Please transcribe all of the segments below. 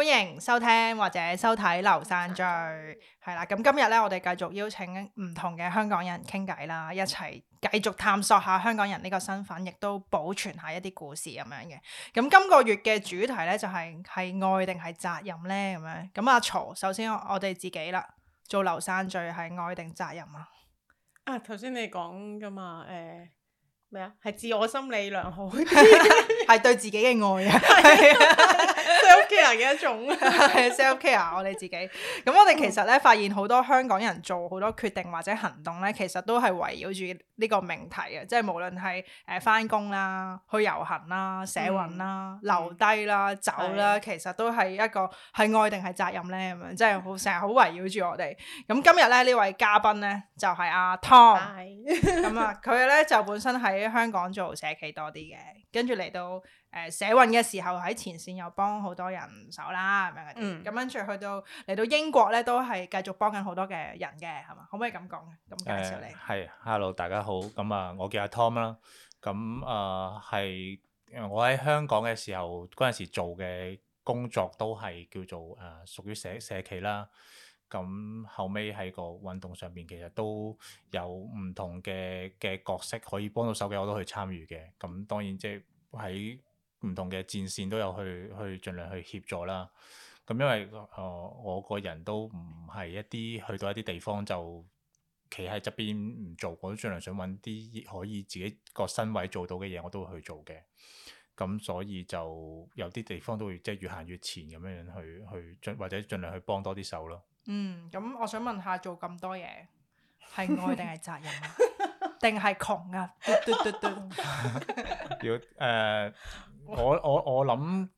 歡迎收聽或者收睇《留散聚》，係 啦樂。咁今日咧，我哋繼續邀請唔同嘅香港人傾偈啦，一齊繼續探索下香港人呢個身份，亦都保存下一啲故事咁樣嘅。咁今個月嘅主題咧就係、是、係愛定係責任咧咁樣。咁阿曹，首先我哋自己啦，做留散聚係愛定責任啊？呃、啊，頭先你講噶嘛？誒，咩啊？係自我心理良好啲，係 對自己嘅愛啊。 selfcare 嘅一種 ，selfcare 我哋自己。咁我哋其實咧，發現好多香港人做好多決定或者行動咧，其實都係圍繞住呢個命題嘅。即係無論係誒返工啦、去遊行啦、社運啦、留低啦、嗯、走啦，的其實都係一個係愛定係責任咧咁樣，即係好成日好圍繞住我哋。咁今日咧呢位嘉賓咧就係、是、阿、啊、Tom，咁啊佢咧就本身喺香港做社企多啲嘅，跟住嚟到。誒社運嘅時候喺前線又幫好多人手啦，咁、嗯、樣嗰啲咁跟住去到嚟到英國咧，都係繼續幫緊好多嘅人嘅，係嘛？可唔可以咁講？咁介紹你係、呃、hello 大家好，咁啊，我叫阿 Tom 啦，咁啊係我喺香港嘅時候嗰陣時做嘅工作都係叫做誒屬於社社企啦，咁後尾喺個運動上邊其實都有唔同嘅嘅角色可以幫到手嘅，我都去參與嘅，咁當然即係喺。唔同嘅戰線都有去去盡量去協助啦。咁因為誒、呃、我個人都唔係一啲去到一啲地方就企喺側邊唔做，我都盡量想揾啲可以自己個身位做到嘅嘢，我都會去做嘅。咁所以就有啲地方都會即係越行、即係、越行越前咁樣樣去去盡或者盡量去幫多啲手咯。嗯，咁我想問下做，做咁多嘢係愛定係責任啊？ 定係窮噶、啊， 要誒、呃，我我我諗，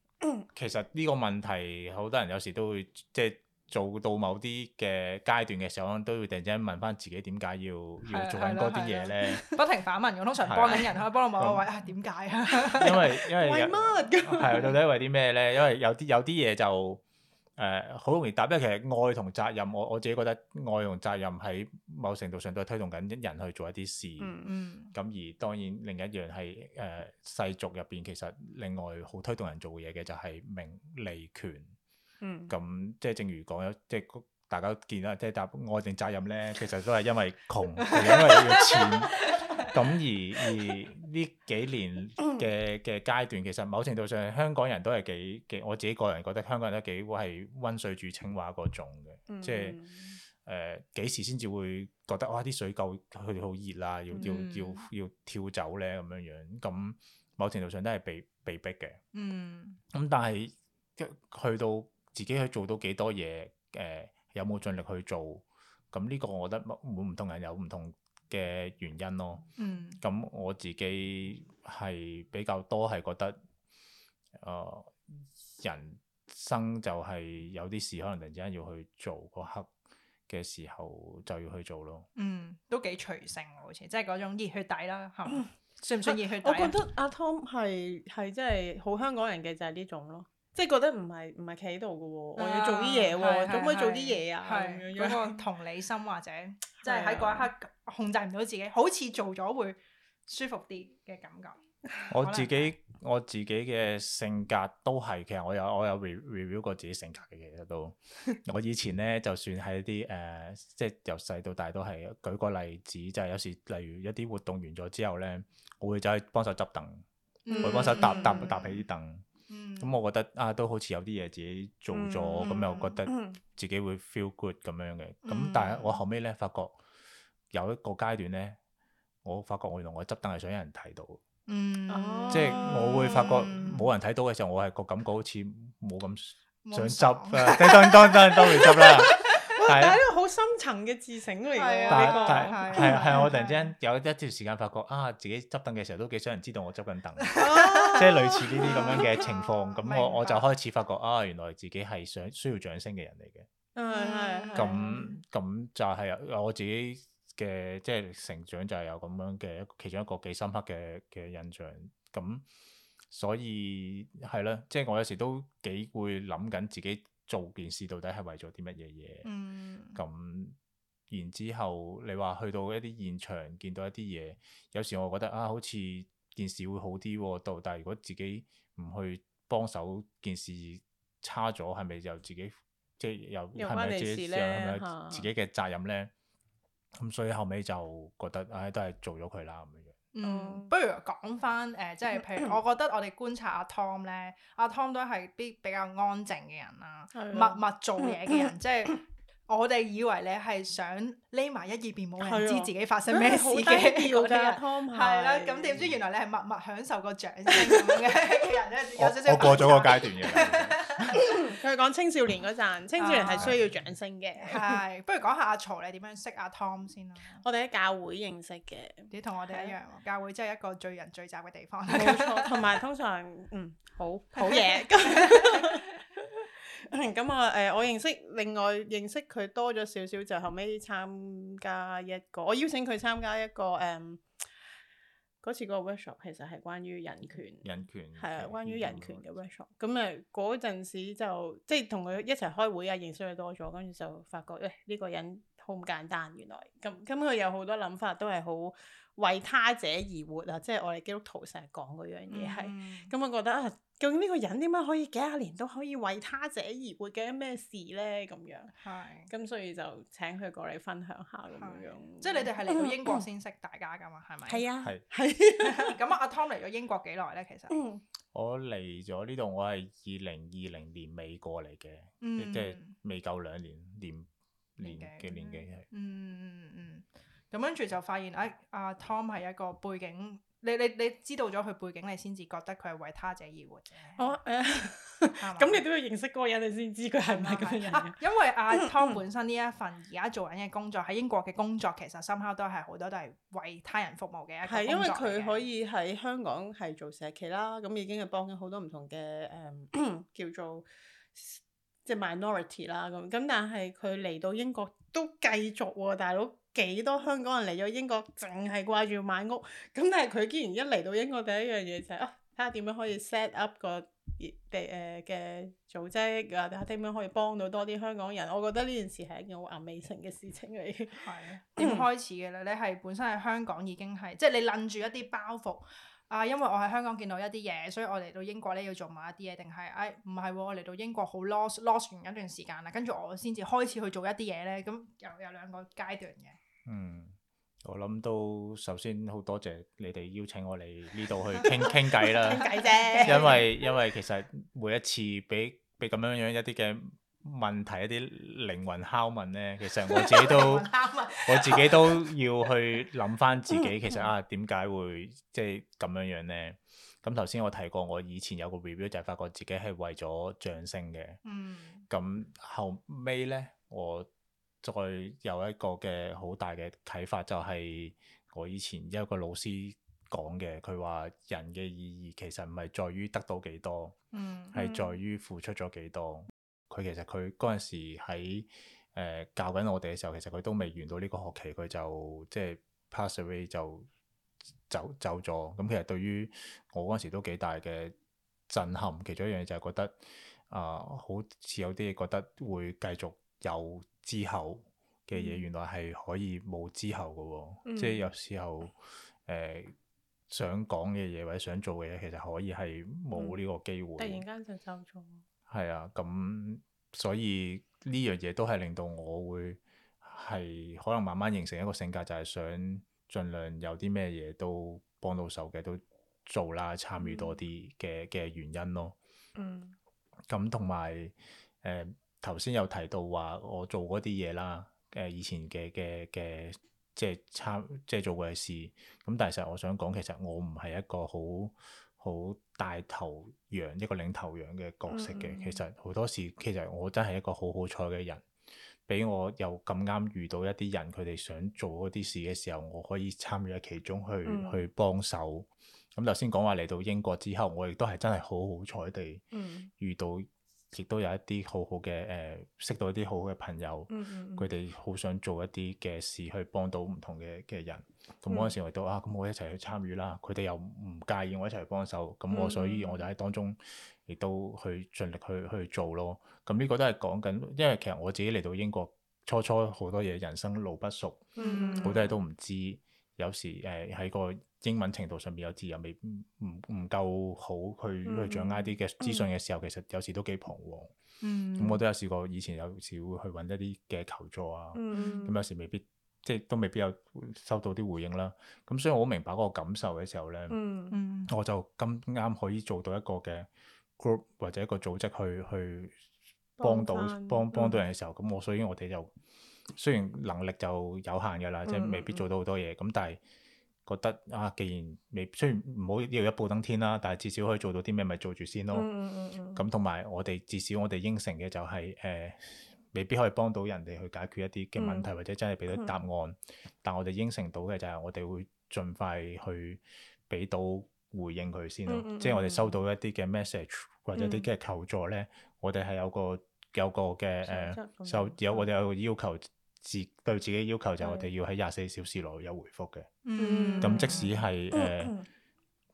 其實呢個問題好多人有時都會即係做到某啲嘅階段嘅時候，都會突然之間問翻自己點解要、啊、要做緊嗰啲嘢咧。啊啊、呢不停反問我，通常幫緊人可以幫到某個位啊，點解啊？因為因 為為乜嘅？係啊，到底係為啲咩咧？因為有啲有啲嘢就。誒好、uh, 容易答，因為其實愛同責任，我我自己覺得愛同責任喺某程度上都係推動緊人去做一啲事。咁、嗯嗯、而當然另一樣係誒、呃、世俗入邊，其實另外好推動人做嘢嘅就係名利權。咁、嗯、即係正如講咗，即係大家見到，即係答愛定責任咧，其實都係因為窮，係 因為要錢。咁 而而呢幾年嘅嘅階段，其實某程度上香港人都係幾幾，我自己個人覺得香港人都幾係溫水煮青蛙嗰種嘅，嗯、即係誒幾時先至會覺得哇啲水夠佢好熱啦、啊，要要、嗯、要要，要跳走咧咁樣樣。咁某程度上都係被被逼嘅。嗯。咁但係去到自己去做到幾多嘢，誒、呃、有冇盡力去做？咁呢個我覺得每唔同人有唔同。嘅原因咯，咁、嗯、我自己係比較多係覺得，誒、呃，嗯、人生就係有啲事可能突然之間要去做嗰刻嘅時候，就要去做咯。嗯，都幾隨性、啊，好似即係嗰種熱血底啦，吓算唔算熱血底、啊？我覺得阿、啊、Tom 係係即係好香港人嘅就係呢種咯，即係覺得唔係唔係企喺度嘅，啊、我要做啲嘢喎，咁可以做啲嘢啊，咁係個同理心或者即係喺嗰一刻。控制唔到自己，好似做咗會舒服啲嘅感覺。 我自己 我自己嘅性格都係，其實我有我有 review 過自己性格嘅。其實都我以前咧，就算係一啲誒、呃，即係由細到大都係舉個例子，就係、是、有時例如一啲活動完咗之後咧，我會走去幫手執凳，嗯、我幫手搭搭搭起啲凳。咁、嗯嗯、我覺得啊，都好似有啲嘢自己做咗，咁又、嗯嗯嗯嗯、覺得自己會 feel good 咁樣嘅。咁但係我後尾咧發覺。有一個階段咧，我發覺我原來我執凳係想有人睇到，嗯，即係我會發覺冇人睇到嘅時候，我係個感覺好似冇咁想執啦，當當當當然執啦。但係呢個好深層嘅自省嚟嘅，你講係係係我突然之間有一段時間發覺啊，自己執凳嘅時候都幾想人知道我執緊凳，即係類似呢啲咁樣嘅情況。咁我我就開始發覺啊，原來自己係想需要掌聲嘅人嚟嘅。係咁咁就係我自己。嘅即係成長就係有咁樣嘅一其中一個幾深刻嘅嘅印象，咁、嗯、所以係啦，即係我有時都幾會諗緊自己做件事到底係為咗啲乜嘢嘢。嗯。咁然之後，你話去到一啲現場見到一啲嘢，有時我覺得啊，好似件事會好啲喎、啊，但但係如果自己唔去幫手，件事差咗，係咪又自己即係又係回咪自己嘅責任咧？ 咁所以後尾就覺得，唉、哎，都係做咗佢啦咁樣。嗯，嗯不如講翻誒，即、呃、係、就是、譬如，我覺得我哋觀察阿、啊、Tom 咧，阿、 啊、Tom 都係啲比較安靜嘅人啦，默默做嘢嘅人，即係的。密密 我哋以為你係想匿埋一二邊冇人知自己發生咩事嘅嗰啲人，係啦。咁點知原來你係默默享受個掌聲嘅一個人咧，有少少。我過咗個階段嘅。佢講青少年嗰陣，青少年係需要掌聲嘅。係，不如講下阿曹你點樣識阿 Tom 先啦。我哋喺教會認識嘅，你同我哋一樣，教會真係一個聚人聚集嘅地方。冇錯，同埋通常，嗯，好好嘢。咁啊，誒、嗯呃，我認識另外認識佢多咗少少，就後尾參加一個，我邀請佢參加一個誒，嗰、嗯、次個 workshop 其實係關於人權，人權係啊，關於人權嘅 workshop work。咁啊，嗰陣時就即係同佢一齊開會啊，認識佢多咗，跟住就發覺誒，呢、欸個人好唔簡單，原來咁咁佢有好多諗法，都係好為他者而活啊，即係我哋基督徒成日講嗰樣嘢係，咁我覺得啊。嗯究竟呢個人點解可以幾廿年都可以為他者而活嘅咩事咧？咁樣，咁、嗯、所以就請佢過嚟分享下咁、嗯、樣。即係你哋係嚟到英國先識大家噶嘛？係咪？係啊，係。咁阿 Tom 嚟咗英國幾耐咧？其實、嗯，我嚟咗呢度，我係二零二零年尾過嚟嘅，即係未夠兩年年年嘅年,年紀係。嗯嗯嗯嗯。咁跟住就發現、啊，哎、啊，阿 Tom 係一個背景，你你你知道咗佢背景，你先至覺得佢係為他者而活。嘅誒、哦，咁你都要認識嗰個人，你先知佢係唔係嗰個人。因為阿、啊、Tom 本身呢一份而家做緊嘅工作喺英國嘅工作，嗯、工作其實深刻都係好多都係為他人服務嘅。係因為佢可以喺香港係做社企啦，咁已經係幫咗好多唔同嘅誒、嗯、 叫做即係、就是、minority 啦。咁 咁但係佢嚟到英國都繼續喎、哦，大佬。幾多香港人嚟咗英國，淨係掛住買屋，咁但係佢竟然一嚟到英國第一樣嘢就係啊，睇下點樣可以 set up、個地誒嘅組織啊，睇下點樣可以幫到多啲香港人。我覺得呢件事係一件好還未成嘅事情嚟，要的 開始嘅啦。你係本身喺香港已經係，即係你攬住一啲包袱啊，因為我喺香港見到一啲嘢，所以我嚟到英國呢要做埋一啲嘢，定係唉，唔係喎，我嚟到英國好 lost lost 完一段時間啦，跟住我先至開始去做一啲嘢呢，咁有有兩個階段嘅。嗯，我諗都首先好多謝你哋邀請我嚟呢度去傾傾偈啦，傾偈啫。 因為因為其實每一次俾俾咁樣樣一啲嘅問題，一啲靈魂拷問咧，其實我自己都 敲 我自己都要去諗翻自己，其實啊點解會即係咁樣樣咧？咁頭先我提過，我以前有個 review 就係發覺自己係為咗掌聲嘅，嗯，咁後尾咧我。再有一個嘅好大嘅啟發就係、是、我以前有一個老師講嘅，佢話人嘅意義其實唔係在於得到幾多嗯，嗯，係在於付出咗幾多。佢其實佢嗰陣時喺誒、呃、教緊我哋嘅時候，其實佢都未完到呢個學期，佢就即係、就是、pass away 就走走咗。咁其實對於我嗰陣時都幾大嘅震撼。其中一樣嘢就係覺得啊、呃，好似有啲嘢覺得會繼續有。之後嘅嘢原來係可以冇之後嘅喎、哦，嗯、即係有時候誒、呃、想講嘅嘢或者想做嘅嘢，其實可以係冇呢個機會、嗯。突然間就走咗。係啊，咁所以呢樣嘢都係令到我會係可能慢慢形成一個性格，就係、是、想盡量有啲咩嘢都幫到手嘅，都做啦，參與多啲嘅嘅原因咯。嗯。咁同埋誒。頭先有提到話我做嗰啲嘢啦，誒、呃、以前嘅嘅嘅即係參即係做過嘅事，咁但係其實我想講，其實我唔係一個好好大頭羊一個領頭羊嘅角色嘅，嗯、其實好多時其實我真係一個好好彩嘅人，俾我又咁啱遇到一啲人，佢哋想做嗰啲事嘅時候，我可以參與喺其中去、嗯、去幫手。咁頭先講話嚟到英國之後，我亦都係真係好好彩地遇到。嗯亦都有一啲好好嘅誒，呃、識到一啲好好嘅朋友，佢哋好想做一啲嘅事去幫到唔同嘅嘅人。咁嗰陣時我都啊，咁我一齊去參與啦。佢哋又唔介意我一齊去幫手，咁我所以我就喺當中亦都去盡力去嗯嗯去做咯。咁呢個都係講緊，因為其實我自己嚟到英國初初好多嘢，人生路不熟，好多嘢都唔知。有時誒喺、呃、個。英文程度上面有自由，未唔唔夠好，去去掌握啲嘅資訊嘅時候，其實有時都幾彷徨。咁我都有試過，以前有時會去揾一啲嘅求助啊。咁有時未必即係都未必有收到啲回應啦。咁所以我好明白嗰個感受嘅時候咧，我就咁啱可以做到一個嘅 group 或者一個組織去去幫到幫幫到人嘅時候，咁我所以我哋就雖然能力就有限嘅啦，即係未必做到好多嘢，咁但係。覺得啊，既然未雖然唔好要一步登天啦，但係至少可以做到啲咩咪做住先咯。咁同埋我哋至少我哋應承嘅就係、是、誒、呃，未必可以幫到人哋去解決一啲嘅問題，嗯、或者真係俾到答案。嗯嗯、但我哋應承到嘅就係我哋會盡快去俾到回應佢先咯。嗯嗯嗯、即係我哋收到一啲嘅 message 或者啲嘅求助咧，嗯嗯、我哋係有個有個嘅誒，就、呃、有我哋有個要求，自對自己要求就我哋要喺廿四小時內有回覆嘅，咁、嗯、即使係誒，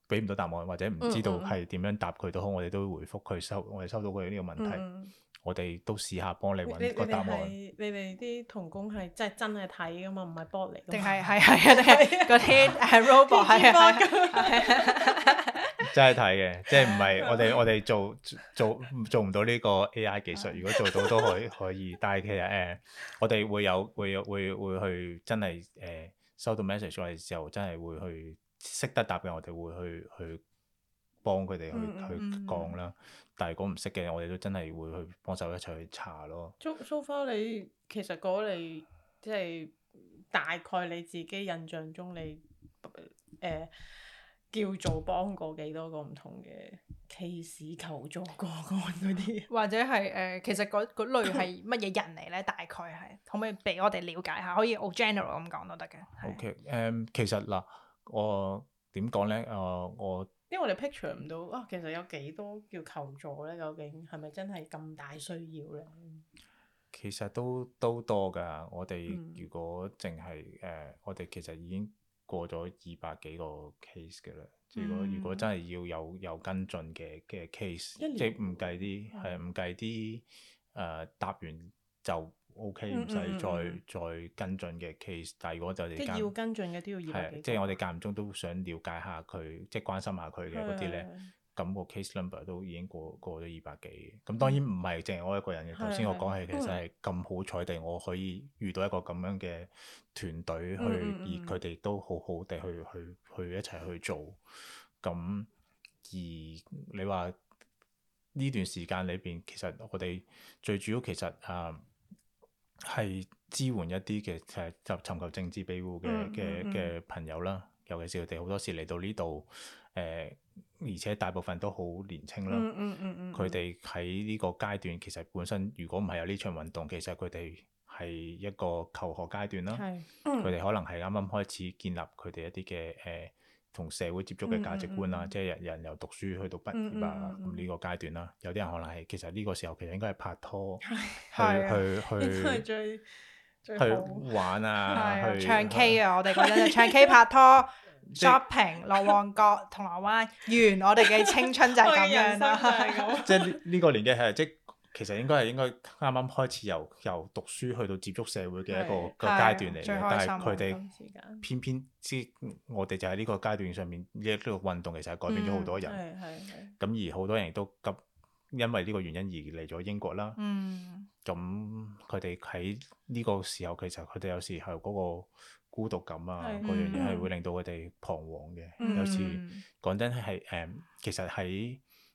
俾唔到答案或者唔知道係點樣答佢都好，我哋都回覆佢收，我哋收到佢呢個問題，嗯、我哋都試下幫你揾個答案。你哋啲童工係真係真係睇噶嘛？唔係 bot 嚟定係係係啊？定係嗰啲誒 robot 係啊？真係睇嘅，即係唔係我哋我哋做做做唔到呢個 AI 技術。如果做到，都可以可以。但係其實誒、呃，我哋會有會有會、會去真係誒、呃、收到 message 嘅時候，真係會去識得答嘅，我哋會去去幫佢哋去、嗯、去講啦。但係如果唔識嘅，我哋都真係會去幫手一齊去查咯。蘇科、so, so，你其實講你即係大概你自己印象中你誒。呃叫做幫過幾多個唔同嘅 case 求助個案嗰啲，或者係誒、呃，其實嗰嗰類係乜嘢人嚟咧？大概係，可唔可以俾我哋了解下？可以好 general 咁講都得嘅。OK，誒、um，其實嗱，我點講咧？誒，uh, 我因為我哋 picture 唔到啊，其實有幾多叫求助咧？究竟係咪真係咁大需要咧？其實都都多㗎。我哋如果淨係誒，我哋其實已經過咗二百幾個 case 嘅啦，即係如果如果真係要有有跟進嘅嘅 case，即係唔計啲係唔計啲誒答完就 OK，唔使、嗯、再、嗯、再跟進嘅 case。但係如果就係要跟進嘅都要二百幾。即係我哋間唔中都想了解下佢，即係關心下佢嘅嗰啲咧。嗯咁個 case number 都已經過過咗二百幾嘅，咁當然唔係淨係我一個人嘅。頭先、嗯、我講係其實係咁好彩地，我可以遇到一個咁樣嘅團隊去，嗯、哼而佢哋都好好地去去去一齊去做。咁而你話呢段時間裏邊，其實我哋最主要其實誒係、啊、支援一啲嘅誒尋尋求政治庇護嘅嘅嘅朋友啦，尤其是佢哋好多時嚟到呢度誒。呃而且大部分都好年青啦，佢哋喺呢個階段，其實本身如果唔係有呢場運動，其實佢哋係一個求學階段啦。佢哋、嗯、可能係啱啱開始建立佢哋一啲嘅誒，同、呃、社會接觸嘅價值觀啦，嗯嗯、即係人人由讀書去到畢業咁、啊、呢、嗯嗯、個階段啦。有啲人可能係其實呢個時候其實應該係拍拖去，啊、去去去好去玩啊，去唱 K 啊！我哋覺得係唱 K 拍拖。shopping，羅旺角、銅鑼灣， 完我哋嘅青春就係咁樣啦 。即係呢呢個年紀係，即其實應該係應該啱啱開始由由讀書去到接觸社會嘅一個的一個階段嚟嘅，但係佢哋偏偏知我哋就喺呢個階段上面，呢、呢個運動其實係改變咗好多人。係係咁而好多人都急，因為呢個原因而嚟咗英國啦。嗯。咁佢哋喺呢個時候，其實佢哋有時候嗰、嗰個。孤獨感啊，嗰是樣嘢係會令到佢哋彷徨嘅。嗯、有時講真係誒，其實喺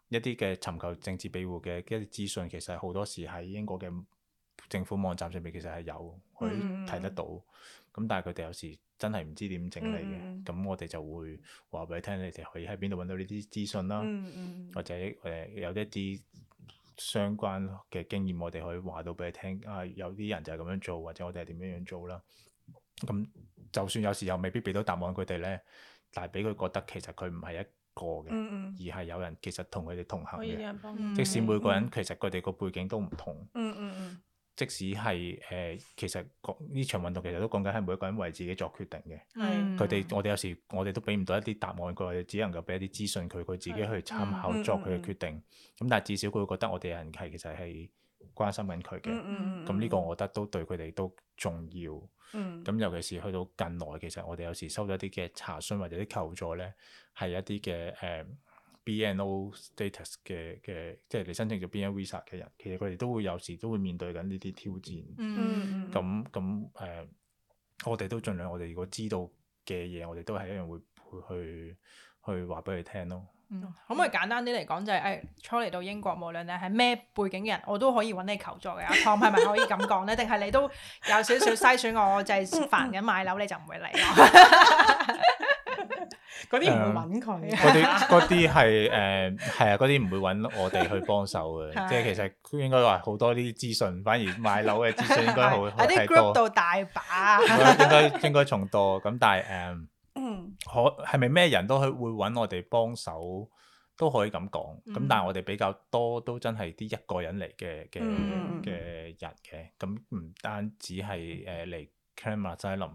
一啲嘅尋求政治庇護嘅一啲資訊，其實好多時喺英國嘅政府網站上面其實係有，佢睇得到。咁、嗯、但係佢哋有時真係唔知點整理嘅，咁、嗯、我哋就會話俾你聽，你哋可以喺邊度揾到呢啲資訊啦，嗯嗯、或者誒有一啲相關嘅經驗，我哋可以話到俾你聽。啊，有啲人就係咁樣做，或者我哋係點樣樣做啦。咁就算有時候未必俾到答案佢哋咧，但係俾佢覺得其實佢唔係一個嘅，嗯嗯、而係有人其實同佢哋同行嘅。嗯、即使每個人其實佢哋個背景都唔同。嗯嗯嗯、即使係誒、呃，其實呢場運動其實都講緊係每一個人為自己作決定嘅。佢哋、嗯嗯、我哋有時我哋都俾唔到一啲答案佢，只能夠俾一啲資訊佢，佢自己去參考，嗯嗯、作佢嘅決定。嗯、咁但係至少佢會覺得我哋人係其實係關心緊佢嘅。嗯咁、嗯、呢、嗯嗯嗯、個我覺得都對佢哋都重要。嗯，咁尤其是去到近來，其實我哋有時收咗一啲嘅查詢或者啲求助咧，係一啲嘅誒 BNO status 嘅嘅，即係、就是、你申請咗 BNO visa 嘅人，其實佢哋都會有時都會面對緊呢啲挑戰。嗯嗯嗯咁咁誒，我哋都盡量，我哋如果知道嘅嘢，我哋都係一樣會會去去話俾佢聽咯。嗯、可唔可以簡單啲嚟講，就係誒初嚟到英國，無論你係咩背景嘅人，我都可以揾你求助嘅。Tom 係咪可以咁講咧？定係你都有少少篩選我？ 我就係煩緊買樓，你就唔會嚟。嗰啲唔揾佢，嗰啲嗰啲係誒係啊，嗰啲唔會揾我哋去幫手嘅。 啊、即係其實應該話好多啲資訊，反而買樓嘅資訊應該好喺啲 group 度大把， 應該應該重多。咁但係誒。嗯可係咪咩人都去會揾我哋幫手，都可以咁講，咁、嗯、但係我哋比較多都真係啲一個人嚟嘅嘅嘅人嘅，咁唔單止係誒嚟 Cambodia 林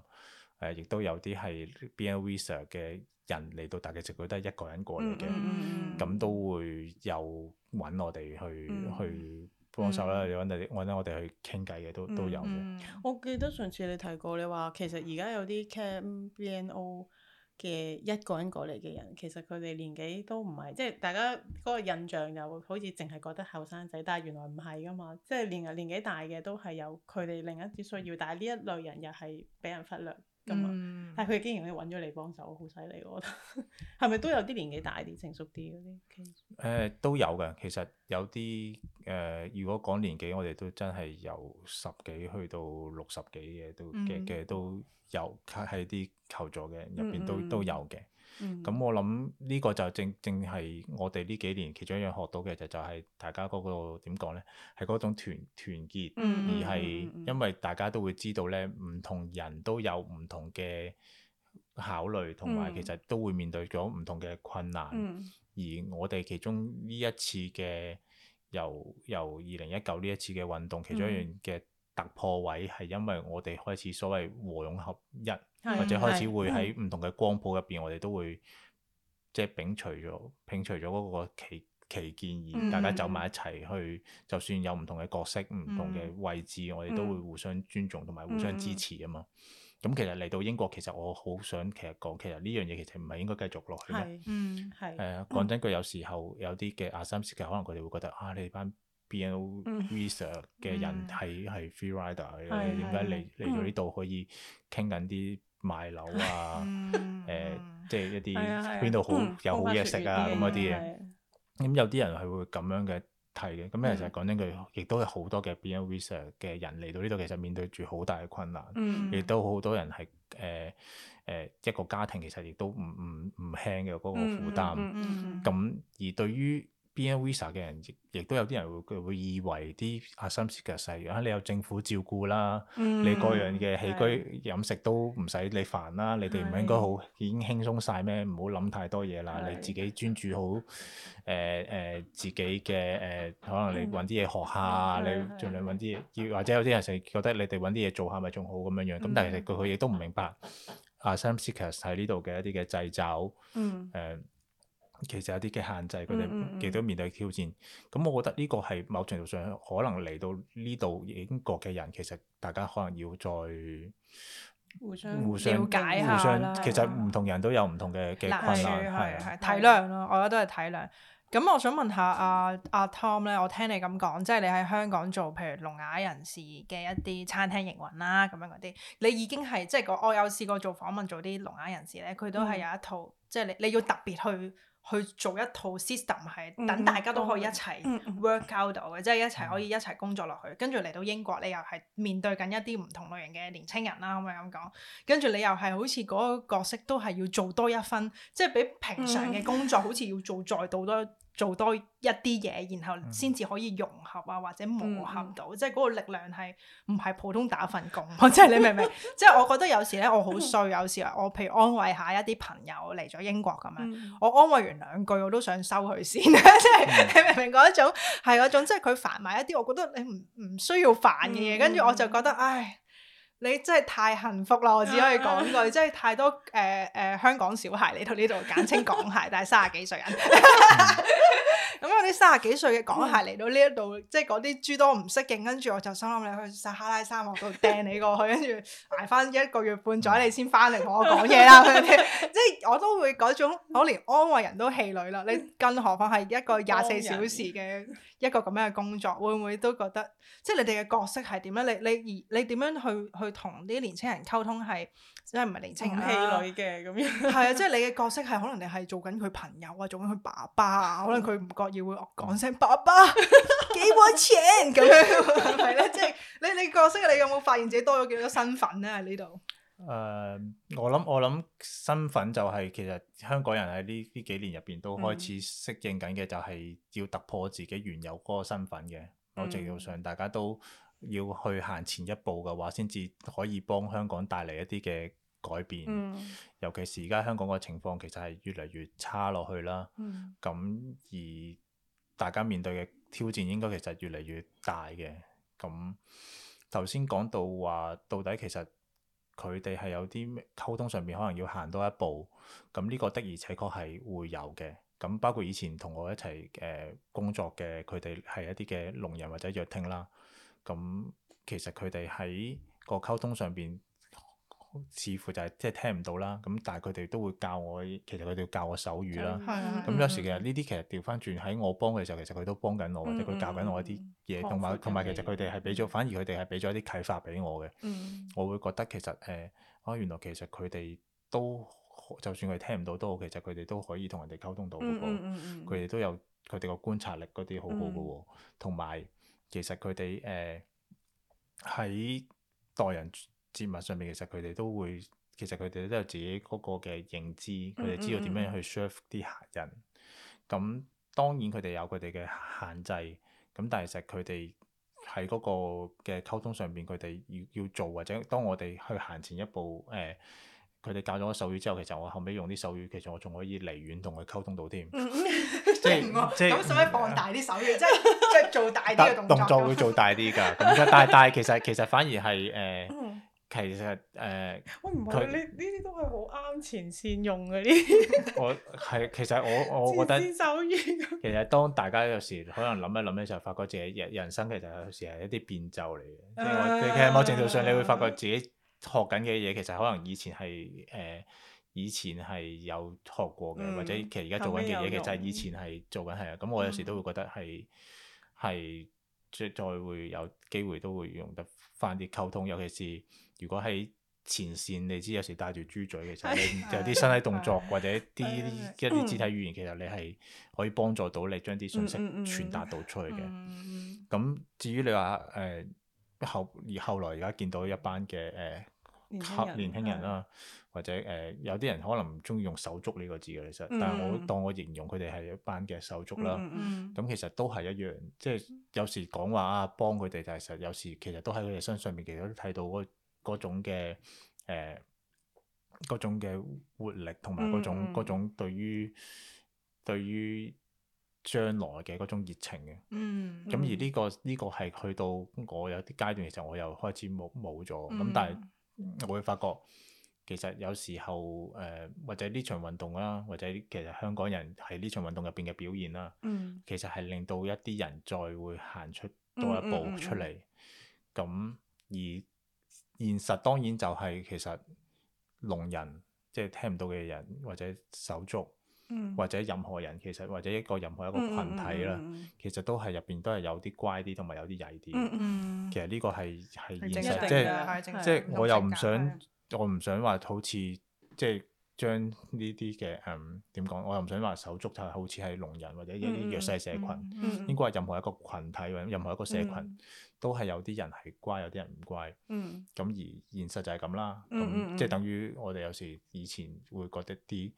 誒，亦、呃、都有啲係 BN visa 嘅人嚟到，但係佢只會得一個人過嚟嘅，咁、嗯嗯、都會有揾我哋去、嗯、去幫手啦，要揾、嗯、我哋去傾偈嘅都都有嘅、嗯嗯。我記得上次你提過，你話其實而家有啲 Camb BNO。嘅一個人過嚟嘅人，其實佢哋年紀都唔係，即係大家嗰個印象又好似淨係覺得後生仔，但係原來唔係㗎嘛，即係連年紀大嘅都係有佢哋另一啲需要，但係呢一類人又係俾人忽略。咁，嗯、但係佢竟然揾咗你幫手，好犀利。我覺得係咪 都有啲年紀大啲、嗯、成熟啲嗰啲？誒、okay. 呃，都有嘅。其實有啲誒、呃，如果講年紀，我哋都真係由十幾去到六十幾嘅都嘅嘅、嗯、都有，喺啲求助嘅入邊都都有嘅。嗯嗯。咁、嗯、我諗呢個就正正係我哋呢幾年其中一樣學到嘅，就就係大家嗰、嗰個點講呢？係嗰種團團結嗯、而係因為大家都會知道呢，唔同人都有唔同嘅考慮，同埋其實都會面對咗唔同嘅困難。嗯、而我哋其中呢一次嘅由由二零一九呢一次嘅運動，其中一樣嘅。突破位係因為我哋開始所謂和勇合一，是或者開始會喺唔同嘅光譜入邊，是我哋都會即係、就是、摒除咗摒除咗嗰個歧歧見，而大家走埋一齊去，嗯、就算有唔同嘅角色、唔、嗯、同嘅位置，我哋都會互相尊重同埋互相支持啊嘛。咁、嗯、其實嚟到英國，其實我好想其實講其實呢樣嘢其實唔係應該繼續落去嘅。嗯，係誒、呃，講真句，有時候有啲嘅 asylum seeker，可能佢哋會覺得啊，你哋班。BNO visa 嘅人係係 free rider 嘅，點解嚟嚟到呢度可以傾緊啲買樓啊？誒，即係一啲邊度好有好嘢食啊？咁一啲嘢，咁有啲人係會咁樣嘅睇嘅。咁其實講真句，亦都係好多嘅 BNO visa 嘅人嚟到呢度，其實面對住好大嘅困難，亦都好多人係誒誒一個家庭，其實亦都唔唔唔輕嘅嗰個負擔。咁而對於邊一 visa 嘅人，亦亦都有啲人會佢會以為啲 asylum seekers 係啊，你有政府照顧啦，嗯、你個樣嘅起居飲食都唔使你煩啦，的你哋唔應該好已經輕鬆晒咩？唔好諗太多嘢啦，的你自己專注好誒誒、呃呃、自己嘅誒、呃，可能你揾啲嘢學下，嗯、你儘量揾啲嘢，要或者有啲人成日覺得你哋揾啲嘢做下咪仲好咁樣樣。咁但係佢佢亦都唔明白 asylum seekers 喺呢度嘅一啲嘅掣肘，誒。其實有啲嘅限制，佢哋亦都面對挑戰。咁、嗯嗯嗯嗯、我覺得呢個係某程度上可能嚟到呢度英國嘅人，其實大家可能要再互相互相了解互相。其實唔同人都有唔同嘅嘅困難，係體諒咯。我覺得都係體諒。咁我，我想問下阿阿 Tom 咧，我聽你咁講，即係你喺香港做，譬如聾啞人士嘅一啲餐廳營運啦、啊，咁樣嗰啲，你已經係即係我有試過做訪問，做啲聾啞人士咧，佢都係有一套，嗯、即係你你要特別去。去做一套 system 係，等大家都可以一齊 work out 到嘅，嗯、即係一齊可以一齊工作落去。跟住嚟到英國，你又係面對緊一啲唔同類型嘅年青人啦，咁樣咁講。跟住你又係好似嗰個角色都係要做多一分，即係比平常嘅工作好似要做再多多。嗯 做多一啲嘢，然後先至可以融合啊，或者磨合到，嗯嗯，即係嗰個力量係唔係普通打份工，即係 你明唔明？ 即係我覺得有時咧，我好衰，有時我譬如安慰下一啲朋友嚟咗英國咁樣，嗯、我安慰完兩句，我都想收佢先， 即係是、嗯、你明唔明嗰一種？係嗰種，即係佢煩埋一啲，我覺得你唔唔需要煩嘅嘢，跟住、嗯、我就覺得唉。你真係太幸福啦！我只可以講句，啊、真係太多誒誒、呃呃，香港小孩嚟到呢度，簡稱港孩，但係三十幾歲人。咁啊啲三十幾歲嘅港孩嚟到呢一度，即係嗰啲諸多唔適應，跟住我就心諗，你去撒哈拉沙漠度掟你過去，跟住挨翻一個月半載，嗯、你先翻嚟同我講嘢啦。即係我都會嗰種，我連安慰人都氣餒啦。你更何況係一個廿四小時嘅一個咁樣嘅工作，人會唔會都覺得？即係你哋嘅角色係點咧點樣？你你而你點樣去去？去同啲年青人溝通係，即係唔係年青人戲女嘅咁樣，係啊！即係你嘅角色係可能你係做緊佢朋友啊，做緊佢爸爸啊，可能佢唔覺意會講聲、嗯、爸爸幾多錢咁樣，係 咧！即係你你角色你有冇發現自己多咗幾多身份咧喺呢度？誒、呃，我諗我諗身份就係其實香港人喺呢呢幾年入邊都開始適應緊嘅，就係要突破自己原有嗰個身份嘅。嗯、我程度上大家都。要去行前一步嘅話，先至可以幫香港帶嚟一啲嘅改變，嗯、尤其是而家香港個情況其實係越嚟越差落去啦。咁、嗯、而大家面對嘅挑戰應該其實越嚟越大嘅。咁頭先講到話到底其實，佢哋係有啲溝通上面可能要行多一步。咁、嗯、呢、這個的而且確係會有嘅。咁、嗯、包括以前同我一齊誒、呃、工作嘅佢哋係一啲嘅聾人或者弱聽啦。咁、嗯、其實佢哋喺個溝通上邊，似乎就係、是、即係聽唔到啦。咁但係佢哋都會教我，其實佢哋教我手語啦。咁有時其實呢啲其實調返轉喺我幫佢嘅時候，其實佢都幫緊我，嗯、或者佢教緊我一啲嘢，同埋同埋其實佢哋係俾咗，反而佢哋係俾咗一啲啟發俾我嘅。嗯、我會覺得其實誒，啊、呃、原來其實佢哋都就算佢聽唔到都好，其實佢哋都可以同人哋溝通到嗰個，佢哋、嗯嗯嗯、都有佢哋個觀察力嗰啲好好㗎喎，同埋。嗯其實佢哋誒喺待人接物上面，其實佢哋都會，其實佢哋都有自己嗰個嘅認知，佢哋、嗯嗯嗯、知道點樣去 serve 啲客人。咁、嗯嗯、當然佢哋有佢哋嘅限制，咁但係實佢哋喺嗰個嘅溝通上邊，佢哋要要做，或者當我哋去行前一步，誒、呃，佢哋教咗手語之後，其實我後尾用啲手語，其實我仲可以離遠同佢溝通到添。即係，使唔使放大啲手語啫？ 做大啲嘅動作，動作會做大啲噶。咁但係但係其實其實反而係，誒，其實誒，我唔係你呢啲都係好啱前線用嘅。呢啲。我係其實我我覺得其實當大家有時可能諗一諗嘅時候，發覺自己人生其實有時係一啲變奏嚟嘅。即係其實某程度上，你會發覺自己學緊嘅嘢，其實可能以前係誒以前係有學過嘅，或者其實而家做緊嘅嘢，其實係以前係做緊係啊。咁我有時都會覺得係。係再再會有機會都會用得翻啲溝通，尤其是如果喺前線，你知有時帶住豬嘴嘅時候， 你有啲身體動作 或者啲一啲 肢體語言，其實你係可以幫助到你將啲信息傳達到出去嘅。咁 至於你話誒、呃、後而後來而家見到一班嘅誒。呃年年輕人啦，是或者誒、呃、有啲人可能唔中意用手足呢個字嘅，其實，但係我、mm hmm. 當我形容佢哋係一班嘅手足啦，咁、mm hmm. 其實都係一樣，即係有時講話啊幫佢哋，但係實有時其實都喺佢哋身上面，其實都睇到嗰種嘅誒嗰種嘅活力，同埋嗰種嗰、mm hmm. 種對於對於將來嘅嗰種熱情嘅。咁、mm hmm. 而呢、呢個呢、呢個係去到我有啲階段，其實我又開始冇冇咗。咁、mm hmm. 但係。我會發覺，其實有時候誒、呃，或者呢場運動啦，或者其實香港人喺呢場運動入邊嘅表現啦，嗯、其實係令到一啲人再會行出多一步出嚟。咁、嗯嗯嗯、而現實當然就係其實聾人即係、即係、聽唔到嘅人，或者手足。或者任何人，其實或者一個任何一個群體啦，其實都係入邊都係有啲乖啲，同埋有啲曳啲。其實呢個係係現實，即係，即係我又唔想，我唔想話好似即係將呢啲嘅，嗯，點講，我又唔想話手足睇好似係聾人或者弱勢社群。應該係任何一個群體或者任何一個社群，都係有啲人係乖，有啲人唔乖。咁而現實就係咁啦，咁即係等於我哋有時以前會覺得啲。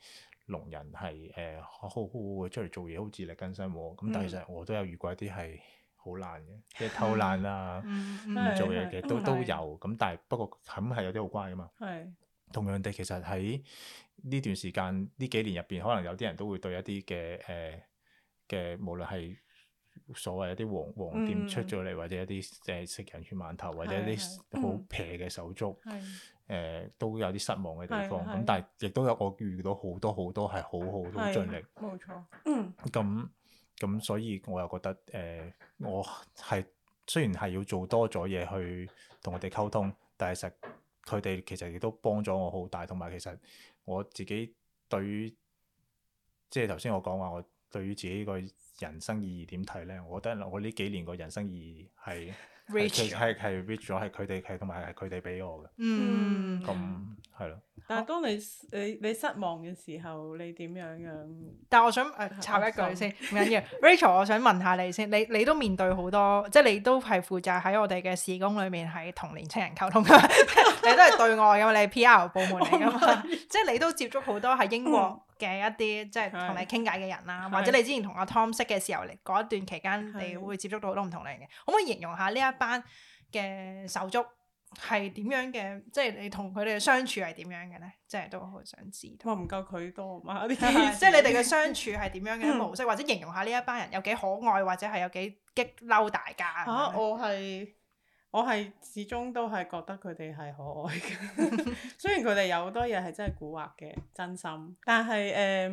農人係誒好好嘅，出嚟做嘢好自力更生喎。咁但係其實我都有遇過一啲係好懶嘅，即係偷懶啊，唔做嘢嘅，都都有。咁但係不過肯係有啲好乖噶嘛。係同樣地，其實喺呢段時間呢幾年入邊，可能有啲人都會對一啲嘅誒嘅，無論係所謂一啲黃黃店出咗嚟，或者一啲誒食人血饅頭，或者一啲好撇嘅手足。誒、呃、都有啲失望嘅地方，咁的但係亦都有我遇到好多好多係好好好盡力，冇的那錯，嗯。咁咁所以我又覺得誒、呃，我係雖然係要做多咗嘢去同我哋溝通，但係實佢哋其實亦都幫咗我好大，同埋其實我自己對於即係頭先我講話，我對於自己個人生意義點睇咧，我覺得我呢幾年個人生意義係。 係佢係係 reach 咗，係佢哋係同埋係佢哋俾我嘅。嗯，咁係咯。但係當你你你失望嘅時候，你點樣樣？啊、但係我想誒插、呃、一句先，唔緊要。 Rachel，我想問下你先，你你都面對好多，即係你都係負責喺我哋嘅事工裏面係同年青人溝通嘅， 你都係對外嘅嘛？你係 P. R. 部門嚟㗎嘛？ oh、my God 即係你都接觸好多喺英國。 嘅一啲即係同你傾偈嘅人啦，是或者你之前同阿 Tom 識嘅時候，嚟嗰一段期間你會接觸到好多唔同類型嘅，是可唔可以形容下呢一班嘅手足係點樣嘅？即係你同佢哋嘅相處係點樣嘅呢？即係都好想知。哇！唔夠佢多啊嘛，即係你哋嘅相處係點樣嘅模式， 或者形容下呢一班人有幾可愛，或者係有幾激嬲大家？我係。我係始終都係覺得佢哋係可愛嘅， 雖然佢哋有好多嘢係真係蠱惑嘅，真心。但係誒、呃，